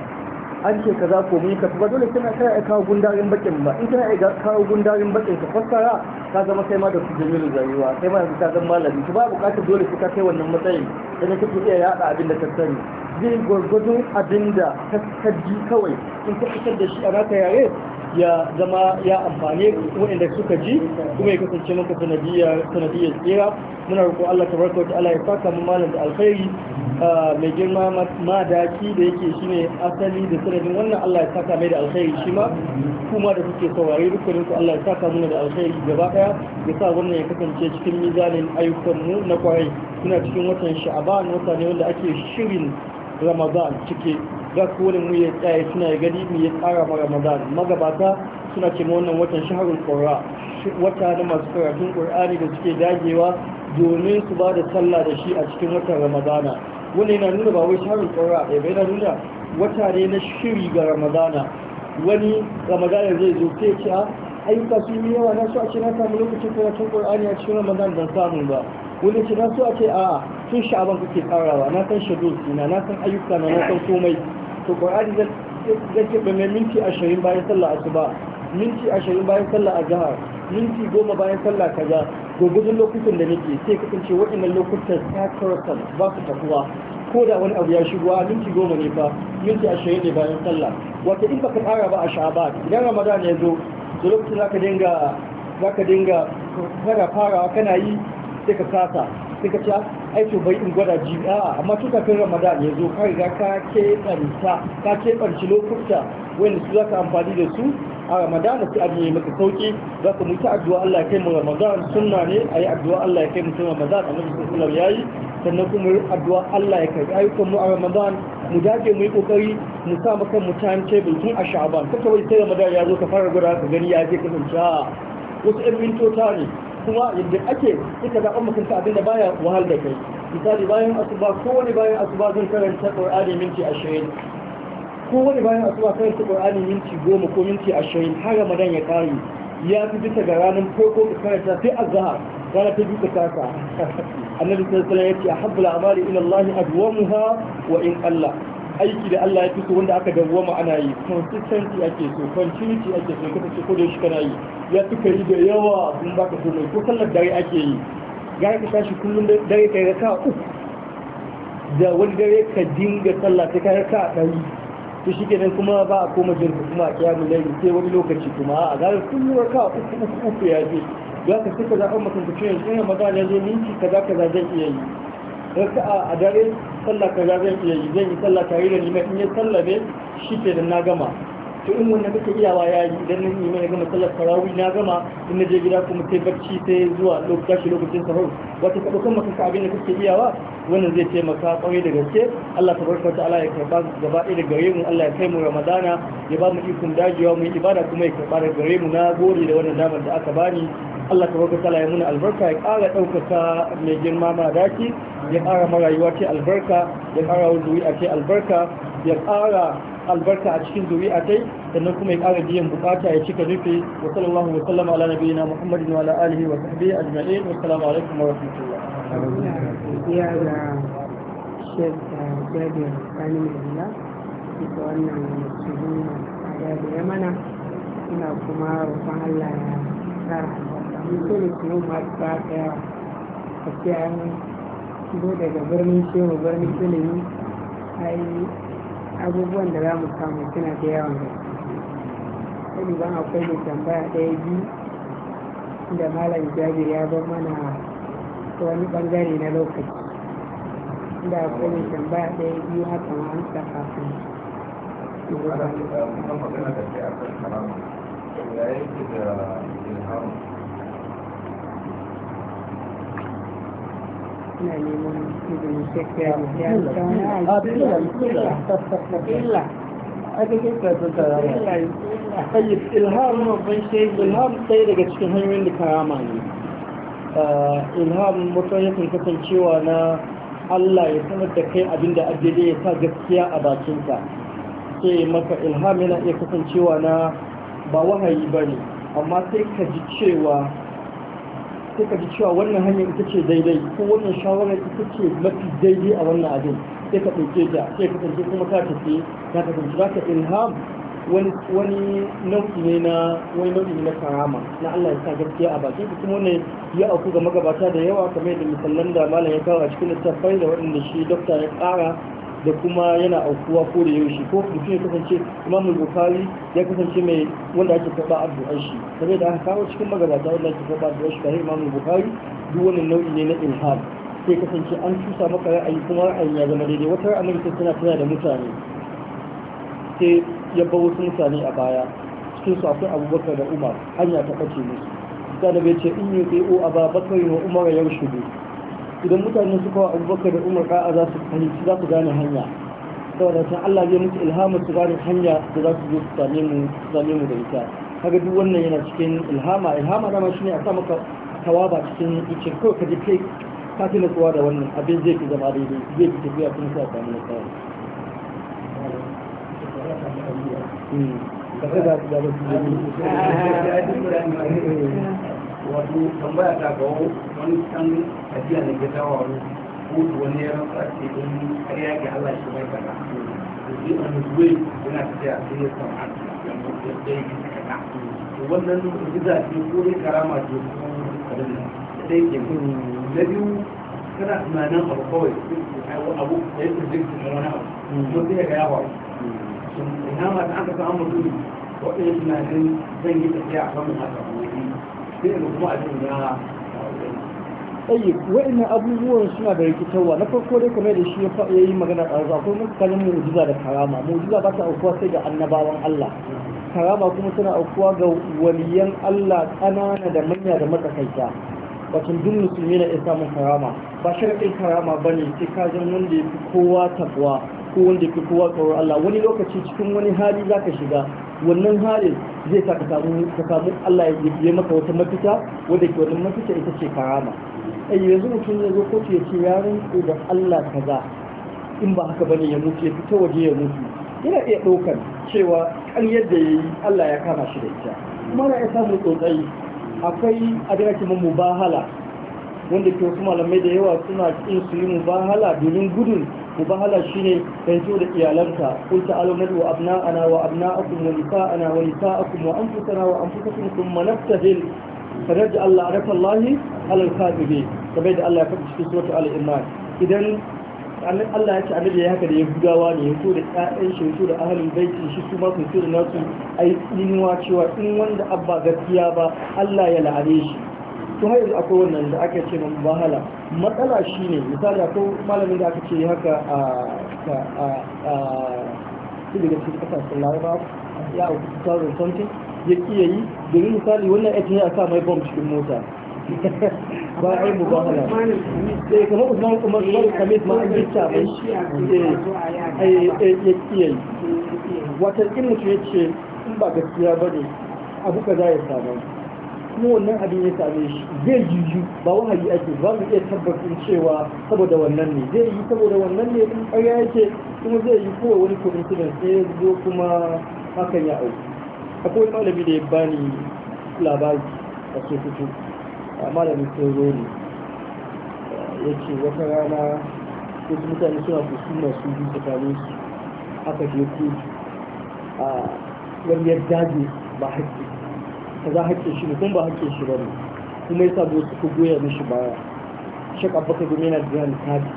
an ce kaza ko mun ka ba dole kana kai kawo gundarin bakin ba in kana ga kawo gundarin bakin ka fassara ka zama kai ma da su jami'in rayuwa kai ma ka zama malami to ba bukatar dole sai ka kai wannan matsayin sai kake iya yada abin da ka sani zai gwargwadon abin da ka kawai in ka fitar da shi a naka yare ya zama ya amfane waɗanda suka ji kuma ya kasance maka sanadiyar tsira muna roƙo Allah tabaraka wata ta'ala ya saka mu malam da alkhairi mai girma madaki da yake shine asali da sanadin wannan Allah ya saka mai da alkhairi shi ma kuma da kuke saurare dukkanin ku Allah ya saka mu da alkhairi gaba daya ya sa wannan ya kasance cikin mizanin ayyukan mu na kwarai muna cikin watan sha'aban wata ne wanda ake shirin Ramadan cike da kowane mu ya tsaye suna ya gani mu ya tsara ma ramadan magabata suna ce wannan watan shaharar ƙura wata na masu karatun ƙur'ani da suke dagewa domin su ba da sallah da shi a cikin watan ramadana wanda yana nuna ba wai shaharar ƙura ɗaya bai yana nuna wata ne na shiri ga ramadana wani ramadana zai zo sai ce a ah, ayyuka sun yi yawa na so a ce na samu lokacin karatun ƙur'ani a cikin ramadana ban samu ba wani ce na so a ce a'a tun sha'aban kuke karawa na san shadul na na san ayyuka na na san komai to qur'ani zai ke mai minti ashirin bayan sallah asuba minti ashirin bayan sallah azhar minti goma bayan sallah kaza gurgudun lokutan da nake sai kasance waɗannan lokutan ta sacrosanct ba su tafuwa ko da wani abu ya shigo a minti goma ne fa minti ashirin ne bayan sallah wata in baka tsara ba a sha'aba. idan ramadan ya zo da lokacin zaka dinga zaka dinga fara farawa kana yi sai ka kasa sai ka ce ai to bai in gwada ji a amma tun kafin ramadan ya zo ka riga ka keɓanta ka keɓanci lokuta wanda su zaka amfani da su a ramadan sai abin yi maka sauki za ka mutu addu'a Allah ya kai mu ramadan sunna ne ayi addu'a Allah ya kai mu ramadan annabi sallallahu ya yayi sannan kuma addu'a Allah ya kai ayyukan mu a ramadan mu dace mu yi kokari mu sa maka mu time table tun a sha'aban kaka wai sai ramadan ya zo ka fara gura ka gani ya je kasance wasu 'yan mintota ne kuma yadda ake suka zaɓa mutunta abin da baya wahal da kai misali bayan asuba kowane bayan asuba zan karanta qur'ani minti ashirin kowane bayan asuba karanta minti goma ko minti ashirin har ramadan ya kare ya fi bisa ga ranar farko ka karanta sai azhar rana ta biyu saka annabi sallallahu alaihi ya ce ahabbul a'mali ila Allah adwamuha wa in allah. aiki da Allah ya fito wanda aka dawwama ana yi consistency ake so continuity ake so kuma ce ko da shi kana yi ya fi kai da yawa ba ka so mai ko sallar dare ake yi ga ka tashi kullum dare kai ka uku da wani dare ka dinga sallah sai ka raka ɗari to shi kenan kuma ba a koma jin kuma a kiyamu laifin sai wani lokaci kuma a ga kullum raka uku uku uku ya je za ka sai ka zaɓar mutum ka ce yanzu ne magana ya zo minti kaza kaza zai iya yi raka'a a dare sallah kaza zan iya yi zan yi sallah tare da liman in ya sallame shi ke da na gama to in wanda kake iyawa ya yi idan na liman ya gama sallar tarawih na gama in na je gida kuma sai barci sai zuwa lokacin lokacin sahur wata ka kan maka abin da kake iyawa wannan zai taimaka kwarai da gaske Allah tabaraka ta'ala ya karba gaba ɗaya da gare mu Allah ya kai mu Ramadana ya ba mu ikon dajewa mu yi ibada kuma ya karba da gare mu na gode da wannan damar da aka bani Allah ta baka tala ya muna albarka ya ƙara ɗaukaka mai girma mara daki ya ƙara marayuwa ce albarka ya ƙara a ce albarka ya ƙara albarka a cikin zuri'a tai sannan kuma ya ƙara biyan bukata ya cika rufe wa sallallahu wa sallama ala nabiyina muhammadin wa ala alihi wa sahbihi ajma'in wa assalamu alaikum wa rahmatullah ya ga shek uh, jabir sani mai duka wannan shirin uh, da ya mana ina kuma roƙon Allah ya tsara biyu dole su yi masu ɗaya a ce an daga birnin shehu birnin ilimi ai abubuwan da za mu samu suna da yawan gaske ban akwai mai tambaya ɗaya biyu da malam jabir ya bar mana wani bangare na lokaci da akwai mai tambaya ɗaya biyu haka ma an sa kafin yayin da suna neman izinin shekara ya ta wani aiki illa tayyib ilham babban shi ilham sai daga cikin hanyoyin da karama ne ah, ilham mutum yakan kasancewa na Allah ya sanar da kai abinda addade ya sa gaskiya a bakinka sai maka ilham yana iya kasancewa na ba wahayi ne, amma sai ka ji cewa sai ka ji cewa wannan hanyar ita ce daidai ko wannan shawarar ita ce mafi daidai a wannan abin sai ka ɗauke ta sai ka ɗauke kuma ka tafi ka kasance ka ilham wani nau'i ne na wani nau'i ne na karama na Allah ya sa gaskiya a bakin kuma ne ya auku ga magabata da yawa kamar da misallan da malam ya kawo a cikin littafai da waɗanda shi dokta ya ƙara da kuma yana aukuwa ko da yaushe ko mutum ya kasance imamul bukari ya kasance mai wanda ake karɓa addu'ar shi kamar da aka kawo cikin magabata wanda ake karɓa addu'ar shi kare imamul bukari duk wani nau'i ne na ilham sai kasance an cusa maka ra'ayi kuma ra'ayi ya zama daidai wata ra'ayin ta tana tana da mutane sai ya bar wasu mutane a baya cikin su akwai abubakar da umar hanya ta ɓace musu Sanabe bai ce in yi tsaye o ababakar wa umar ya rushe idan mutane suka wa abubakar da umar ka'a za su fahimci za su gane hanya saboda can Allah zai musu ilhamar su gane hanya da za su zo su same mu same mu da ita kaga duk wannan yana cikin ilhama ilhama dama ne a sa maka tawaba cikin ikin kawai ka je kai ka fi natsuwa da wannan abin zai fi zama daidai zai fi tafiya kuma sai a samu nasara Mm. wato tambaya ta ga wani kan tafiya na gida wa kotu wani ya rantsa ce har ya ga Allah shi mai kaza to shi on his yana tafiya sai ya samu an da ya yi kaza to wannan mu'jiza ce ko karama ce ko kadan nan sai ke na biyu kana tunanin abu kawai abu da ya tsirgin na wani abu ko sai ga ya faru ina ma ta aka samu mutum waɗanda tunanin zan yi tafiya a kan haka ayi wa'in abubuwan suna da rikitarwa na farko dai kamar da shi ya yi magana a yanzu akwai mutkanin mu'jiza da karama mu'jiza ba ta aukuwa sai ga annabawan Allah karama kuma tana aukuwa ga waliyan Allah ƙanana da manya da matsakaita wato duk musulmi na isa samun karama ba sharaɗin karama ba ne sai ka zan wanda ya fi kowa takwa ko wanda ya fi kowa tsoron Allah wani lokaci cikin wani hali zaka shiga wannan halin zai sa ka samu Allah ya maka wata mafita wadda ke wannan mafita ita ce karama ai eh, yanzu mutum ya zo kotu ya ce ya rantsu da Allah kaza in ba haka bane ya mutu ya fita waje ya mutu yana iya ɗaukar cewa kan yadda ya yi Allah ya kama shi da ita kuma na iya samun tsotsayi akwai adirakin mubahala wanda ke wasu malamai da yawa suna kin su yi mubahala domin gudun mubahala shine fahimto da iyalanka kun ta'alu nadu abna'ana wa abna'akum wa nisa'ana wa nisa'akum wa anfusana wa anfusakum thumma naftahil da Allah arfa Allah alal kadhibi kamar da Allah ya faɗi cikin suratul al-imran idan Allah ya ce annabi ya haka da ya gudawa ne ya yanzu da ƴaƴan shi yanzu da ahalin baiti shi su ma su da nasu ai inuwa cewa in wanda abba gaskiya ba Allah ya la'ane shi to har yanzu akwai wannan da aka ce mun bahala matsala shine misali akwai malamin da aka ce haka a a su daga cikin kasashen laraba ya auku tsarin something ya kiyaye yi domin misali wannan ya ce a sa mai bomb cikin mota ba a yi mu ba hana sai eh, kuma usman umar umar kamis ma an gita mai eh, eh, ya yi, wata in mutum ya ce in ba gaskiya ba ne abu ka za ya samu kuma wannan abin ya same shi zai juju ba wahayi ake ba mu iya tabbatin cewa saboda wannan ne zai yi saboda wannan ne din ƙarya yake kuma zai yi kowa wani coincidence sai zo kuma hakan ya auki akwai malami da ya bani labari a sokoto malamin tsoro ne ya ce wata rana wasu mutane suna kusuma su biyu tsakanin su aka je kotu a wani ya dage ba haƙƙi kaza hakkin shi ne kuma ba hakkin shi bane kuma yasa su suka goya mishi baya shek abubakar gumi yana da yana tabi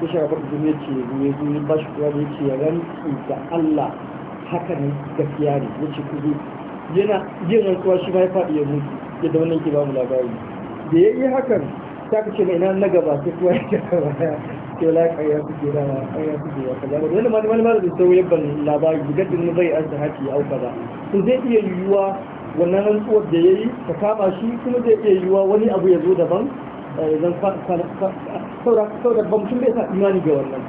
ko shek ka gumi ya ce ya zo ya ba shi kuwa ya ce ya rantsu da allah haka ne gaskiya ne ya ce kuzo yana yin rantsuwa shi ma ya faɗi ya mutu yadda wannan ke ba mu labari da ya yi hakan ta ka ce mai na gaba sai kuwa ya ce baya ke la ƙarya kuke da ƙarya kuke da kaza ba wani malamar da sauye ban labari gadin bai an ta ya auka ba to zai iya yiwuwa wannan rantsuwar da ya yi ta kama shi kuma zai iya yiwuwa wani abu ya zo daban idan eh, saura ba mutum bai sa imani ga wannan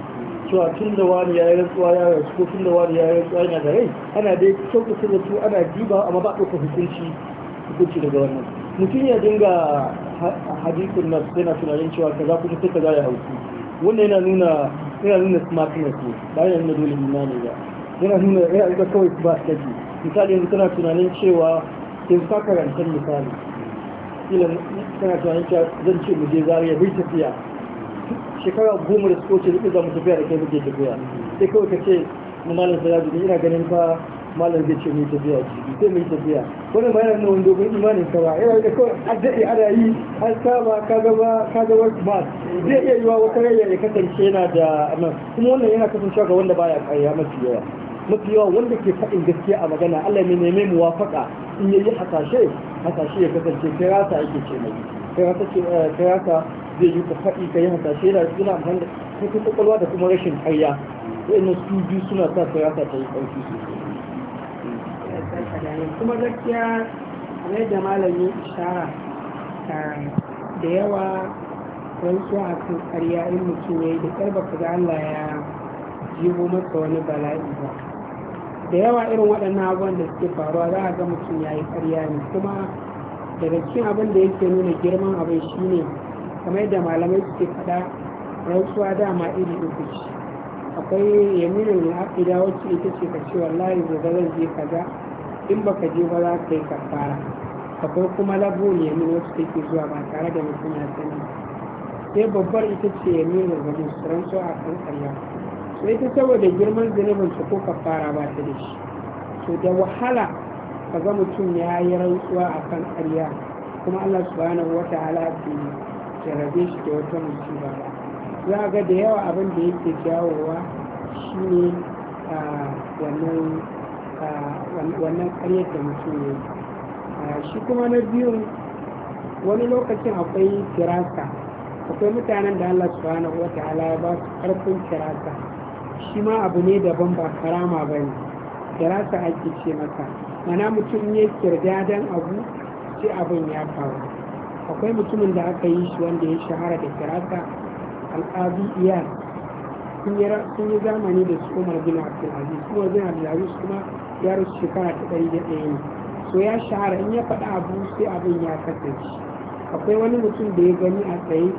cewa tun da wani ya yi rantsuwa ya rasu ko tun da wani ya yi rantsuwa yana da rai ana dai kyau da su ana jiba amma ba ɗauka hukunci hukunci daga wannan mutum ya dinga hadisin na yana tunanin cewa kaza kuma sai kaza ya hauki wannan yana nuna yana nuna smartness ne ba yana nuna dole imani ba yana nuna yana nuna kawai smart take misali yanzu tana tunanin cewa yanzu ka karantar misali kila tana tunanin cewa zan ce mu je zariya bai tafiya shekara goma da suka wuce duk za mu tafiya da kai muke tafiya sai kawai ka ce mu malam salabi ina ganin fa malam zai ce mu tafiya jiki sai mu tafiya wani ma yana wani dogon imanin ka ba yana da kawai an daɗe ana yi an saba ka gaba ka gaba ba zai iya yiwa wata rayuwa ya kasance yana da nan kuma wannan yana kasancewa ga wanda baya ƙarya mafi yawa mafi yawan wanda ke faɗin gaskiya a magana Allah ne neme mu wafaka in yi hasashe hasashe ya kasance firasa yake ce mai firasa ce eh, firasa zai yi ka faɗi ka yi hasashe da suna amfani da kuma kwakwalwa da kuma rashin karya na su biyu suna sa firasa ta yi ƙarfi sosai kuma gaskiya kamar da malamin ishara ah, da yawa rantsuwa a kan karya in mutum ya yi da ƙarfafa ga Allah ya jibo masa wani bala'i ba da yawa irin waɗannan abubuwan da suke faruwa za a ga mutum ya yi ƙarya ne kuma daga cikin abin da yake nuna girman abin ne kamar yadda malamai suke faɗa rantsuwa dama iri uku ce akwai a al'aqida wacce ita ce ka ce wallahi gobe zan je kaza in baka je ba za ka yi kafara akwai kuma labo ne yamin wacce take zuwa ba tare da mutum ya sani sai babbar ita ce yaminin da musu rantsuwa a kan ƙarya sai ta saboda girman zunubin su ko kafara ba ta da shi to da wahala kaga mutum ya yi rantsuwa a kan ƙarya kuma Allah subhanahu wa ta'ala ke jarabe shi da wata musiba ba za a ga da yawa abin da yake jawowa shine wannan wannan ƙaryar da mutum ya yi shi kuma na biyun wani lokacin akwai firasa akwai mutanen da Allah subhanahu wa ta'ala ya ba su ƙarfin firasa shi ma abu ne daban ba karama ba ne da rasa ake ce maka mana mutum ne kirga dan abu sai abin ya faru akwai mutumin da aka yi shi wanda ya shahara da kirasa al'adu iya sun yi zamani da su umar bin abdulaziz umar bin abdulaziz kuma ya rusu shekara ta ɗari da ɗaya ne so ya shahara in ya faɗa abu sai abin ya kasance akwai wani mutum da ya gani a tsaye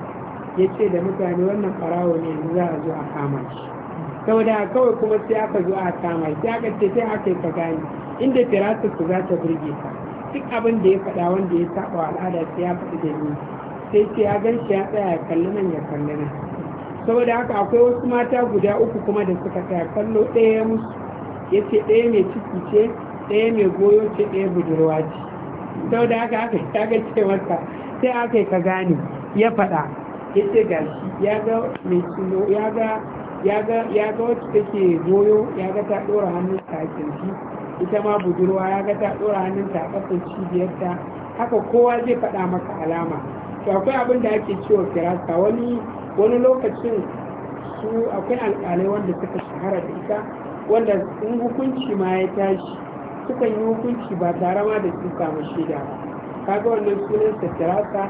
ya ce da mutane wannan farawo ne za a zo a kama shi saboda kawai kuma sai aka zo a kama sai aka ce sai aka yi ka gani inda ku za ta burge ka duk abin da ya faɗa wanda ya saba al'ada sai ya faɗi da ni sai ce ya gan shi ya tsaya ya kalli nan ya kalli nan saboda haka akwai wasu mata guda uku kuma da suka tsaya kallo ɗaya musu ya ce ɗaya mai ciki ce ɗaya mai goyo ce ɗaya budurwa ce saboda haka aka ya ga ce masa sai aka yi ka gane ya faɗa ya ce gashi ya ga mai ya ga ya ga wacce take doyo ya ga ta ɗora hannun ta a ita ma budurwa ya ga ta ɗora hannun ta a ƙasar cibiyarta haka kowa zai faɗa maka alama to akwai abin da ake cewa firasa wani wani lokacin su akwai alƙalai wanda suka shahara da ita wanda in hukunci ma ya tashi sukan yi hukunci ba tare ma da sun samu shaida ba kaga wannan sunan sa firasa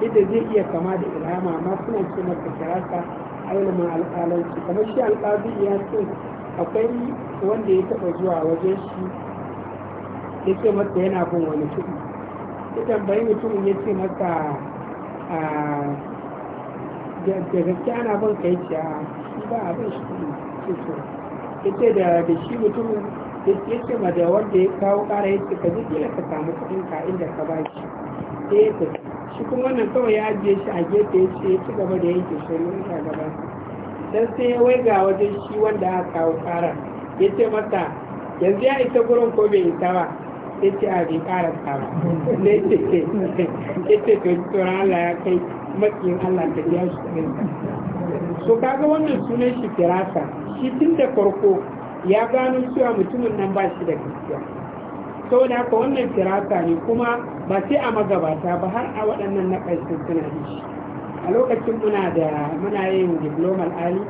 yadda zai iya kama da ilhama ma suna ce masa firasa aina ma alƙalanci kamar shi alƙalbi ya ce akwai wanda ya taɓa zuwa wajen shi ya ce masa yana bin wani kuɗi ya tambayi mutumin ya ce masa da gaske ana bin kai yace a shi ba a bin shi kuɗi ce so ya ce da shi mutumin ya ce ma da wanda ya kawo ƙara ya ce ka ji ka samu kuɗin ka inda ka ba shi ya tafi shi kuma wannan kawai ya ajiye shi a gefe ya ci gaba da yanke a gaba dan sai ya waiga wajen shi wanda aka kawo ƙara ya ce masa yanzu ya isa gurin ko bai isa ba ya ce a bai ƙara ba ne ya ce to tsoron Allah ya kai matsayin Allah ta biya shi ɗin so kaga wannan sunan shi firasa shi tun da farko ya gano cewa mutumin nan ba shi da gaskiya saboda haka wannan firasa ne kuma ba sai a magabata ba har a waɗannan na ƙarshen suna da a lokacin muna da muna yin diploma ali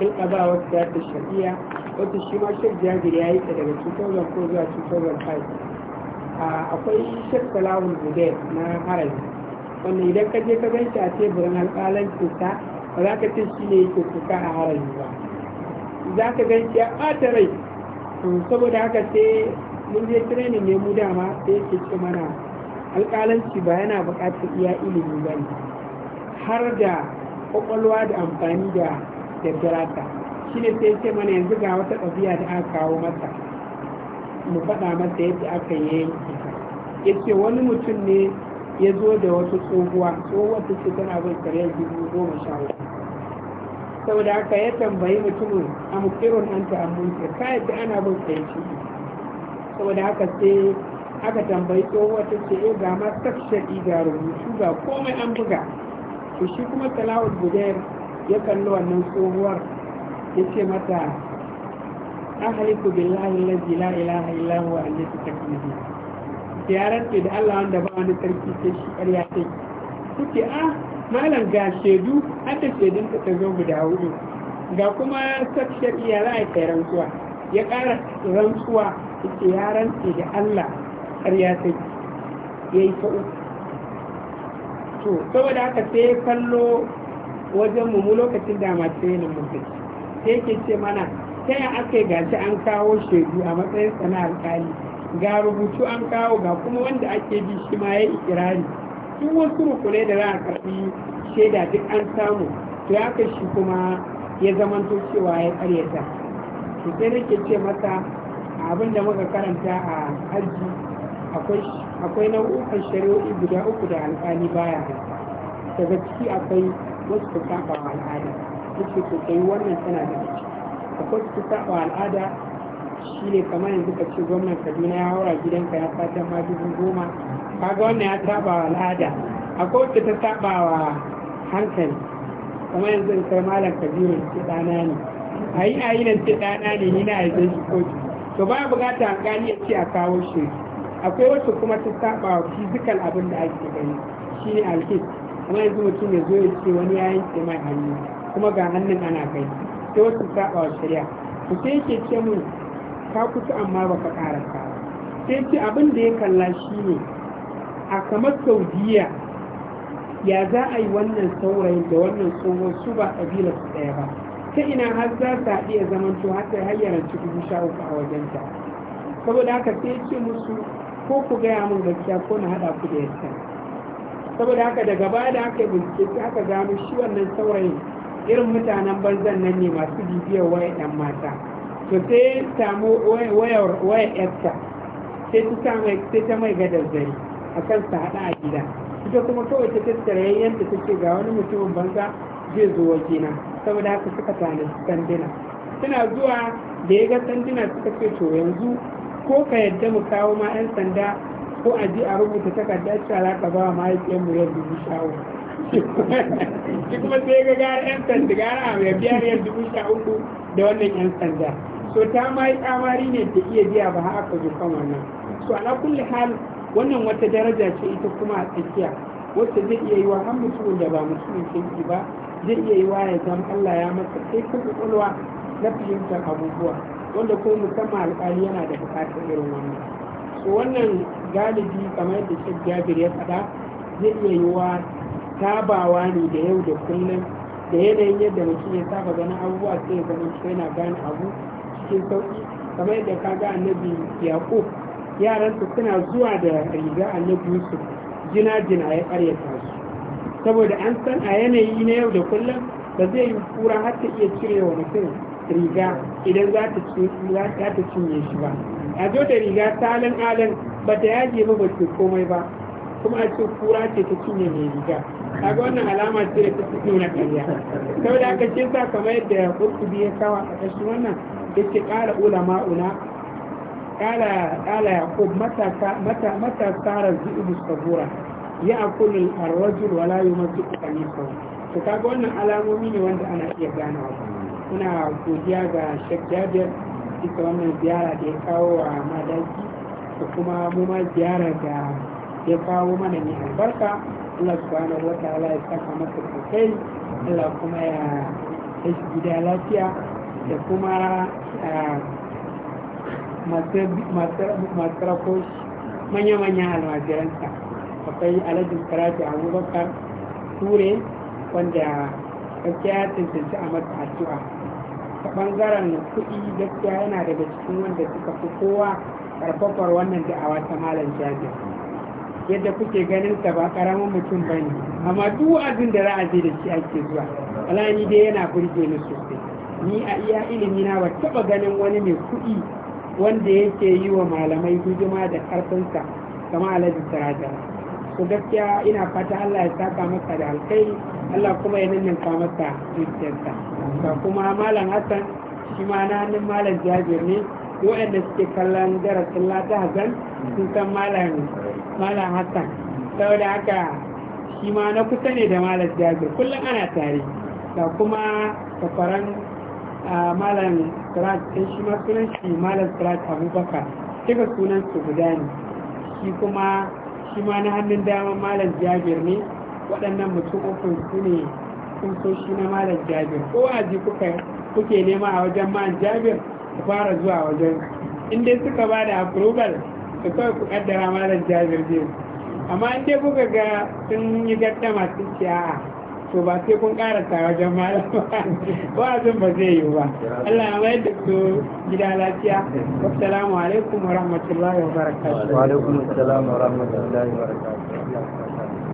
ilkaba wata da ta shafiya wata shi ma shek jagiri ya yi ta daga 2004 zuwa 2005 akwai shek salawun budai na harabi wanda idan ka je ka gan shi a teburin alƙalan alƙalancinsa ba za ka ce shi ne yake kuka a harabi ba za ka gan shi ya ɓata rai saboda haka sai mun je training ne mu dama sai yake ce mana alƙalanci ba yana buƙatar iya ilimi ba ne har da ƙwaƙwalwa da amfani da daddarata shine shi ne sai ce mana yanzu ga wata ɗabi'a da aka kawo masa mu faɗa masa yadda aka yi ya ce wani mutum ne ya zo da wasu tsohuwa tsohuwar ta ce tana bin kariyar dubu goma sha uku saboda haka ya tambayi mutumin amkirun an ta amunta kayan ana bin karyar saboda haka sai aka tambayi tsohuwa ta ce eh ga ma igaro ga su ga komai an buga to shi kuma talawar budair ya kalli wannan tsohuwar ya ce mata ahaliku billahi allazi la ilaha illa huwa allazi takmihi ta ce da Allah wanda ba wani sarki ta shi ƙarya sai suke a ah, malam ga shaidu har da shaidun ta zo guda hudu ga kuma tafshadi ya ra'ayi kai rantsuwa ya ƙara rantsuwa yake ya rantse da Allah ƙarya ta ya yi ta to saboda haka sai ya kallo wajen mu lokacin da ma training yin kai sai ke ce mana ta ya aka yi gashi an kawo shaidu a matsayin sana alƙali ga rubutu an kawo ga kuma wanda ake bi shi ma ya ikirari duk wasu rukune da za a karɓi shaida duk an samu to ya kai shi kuma ya zamanto cewa ya ƙaryata to sai nake ce mata abin da muka karanta a hajji akwai nau'ukan shari'o'i guda uku da alƙali baya haifa daga ciki akwai wasu ku saba wa al'ada yake to kai wannan tana da ciki akwai su saba wa al'ada shi ne kamar yanzu ka ce gwamnan kaduna ya haura gidanka ya fatan ma dubu goma kaga wannan ya saba wa al'ada akwai wacce ta saba wa hankali kamar yanzu in kai malam kabiru ce ɗana ne a yi a nan ce ɗana ne ni na haife shi ko to ba bukata a gani ya ce a kawo shi akwai wasu kuma ta saba wa fizikal abin da ake gani shi ne alkit kuma yanzu mutum ya zo ya ce wani ya yanke mai hannu kuma ga hannun ana kai sai wasu saba wa shari'a to sai yake ce mun ka kusa amma ba ka ƙara ka sai ce abin da ya kalla shi ne a kamar saudiya ya za a yi wannan saurayin da wannan tsohon su ba ɗabilar su ɗaya ba ta ina har za ta iya zaman to har sai hayyarar ci dubu sha uku a wajenta saboda haka sai ce musu ko ku gaya min gaskiya ko na haɗa ku da yadda saboda haka daga baya da aka yi bincike sai aka gano shi wannan saurayin irin mutanen banzan nan ne masu bibiyar waya ɗan mata to sai samu waya sai ta sa mai sai ta mai gadar zari a kan sa haɗa a gida ita kuma kawai ta tattara yayyanta take ga wani mutumin banza zai zo wajena saboda haka suka tana sandina suna zuwa da ya ga sandina suka ce to yanzu ko ka yadda mu kawo ma 'yan sanda ko a ji a rubuta takardar cewa za ka ba wa mu yar dubu shawo shi kuma sai ga gara 'yan sanda gara a mai biyar dubu sha da wannan 'yan sanda so ta ma yi kamari ne ta iya biya ba haka zo wannan so ala kulli hal wannan wata daraja ce ita kuma a tsakiya wacce zai iya yi wa har mutumin da ba mutumin kirki ba zai iya yi wa ya zama Allah ya masa sai ka kwakwalwa na fahimtar abubuwa wanda ko musamman alƙali yana da buƙatar irin wannan so wannan galibi kamar yadda shek jabir ya faɗa zai iya yi wa tabawa ne da yau da kullum da yanayin yadda mutum ya saba ganin abubuwa sai ya zama shi yana gane abu cikin sauƙi kamar yadda ka ga annabi yaƙub yaransa suna zuwa da riga annabi yusuf jina-jina ya karyata su saboda an san a yanayi na yau da kullum ba zai yi kura har ta iya cire wa mutum riga idan za ta cinye shi ba a zo da riga salin alin ba ta yaje ba ba ce komai ba kuma a ce kura ce ta cinye mai riga kaga wannan alama ce da ta nuna karya saboda aka ce sa kamar yadda kurkubi ya kawa a ƙarshen wannan ya ce ƙara ulama una kala kala yaqub mata mata mata sara zubu sabura ya akulu ar-rajul wa la yumattu qanisa to kaga wannan alamomi ne wanda ana iya ganawa muna godiya ga Sheikh Jabir ita wannan ziyara da ya kawo a madaki da kuma mu ziyara da ya kawo mana ne albarka Allah subhanahu wa ta'ala ya saka masa sosai Allah kuma ya gida lafiya da kuma masu rakoshi manya-manyan almajiransa akwai alhaji karatu abubakar ture wanda gaskiya ya cancanci a masa addu'a ta ɓangaren kuɗi gaskiya yana daga cikin wanda suka fi kowa karfafar wannan da'awa ta malam jajir yadda kuke ganin sa ba karamin mutum ba ne amma duk wa'azin da za a je da shi ake zuwa alani dai yana burge ni sosai ni a iya ilimi na ba taɓa ganin wani mai kuɗi wanda yake yi wa malamai hidima da karfinsa kama alhaji saraja Ku gaskiya ina fata Allah ya saka masa da alkai Allah kuma ya ka masa zuciyarsa ga kuma malam Hassan shi ma na hannun malam Jabir ne waɗanda suke kallon darasin Lata Hassan sun san malam malam Hassan saboda haka shi ma na kusa ne da malam Jabir kullum ana tare ga kuma kafaran a malam sirat ɗin shi ma sunan shi malam sirat abubakar duka sunan su guda ne shi kuma shi ma na hannun dama malam jabir ne waɗannan mutum ukun su ne na malam jabir ko aji kuka kuke nema a wajen malam jabir ku fara zuwa wajen in dai suka ba da approval su kawai ku kaddara malam jabir zai amma in dai kuka ga sun yi gaddama sun ce a'a to ba sai kun karanta wajen malam ba zan ba zai yi ba Allah ya mayar da su gida lafiya assalamu alaikum wa rahmatullahi wa barakatuh wa alaikum assalam wa rahmatullahi wa barakatuh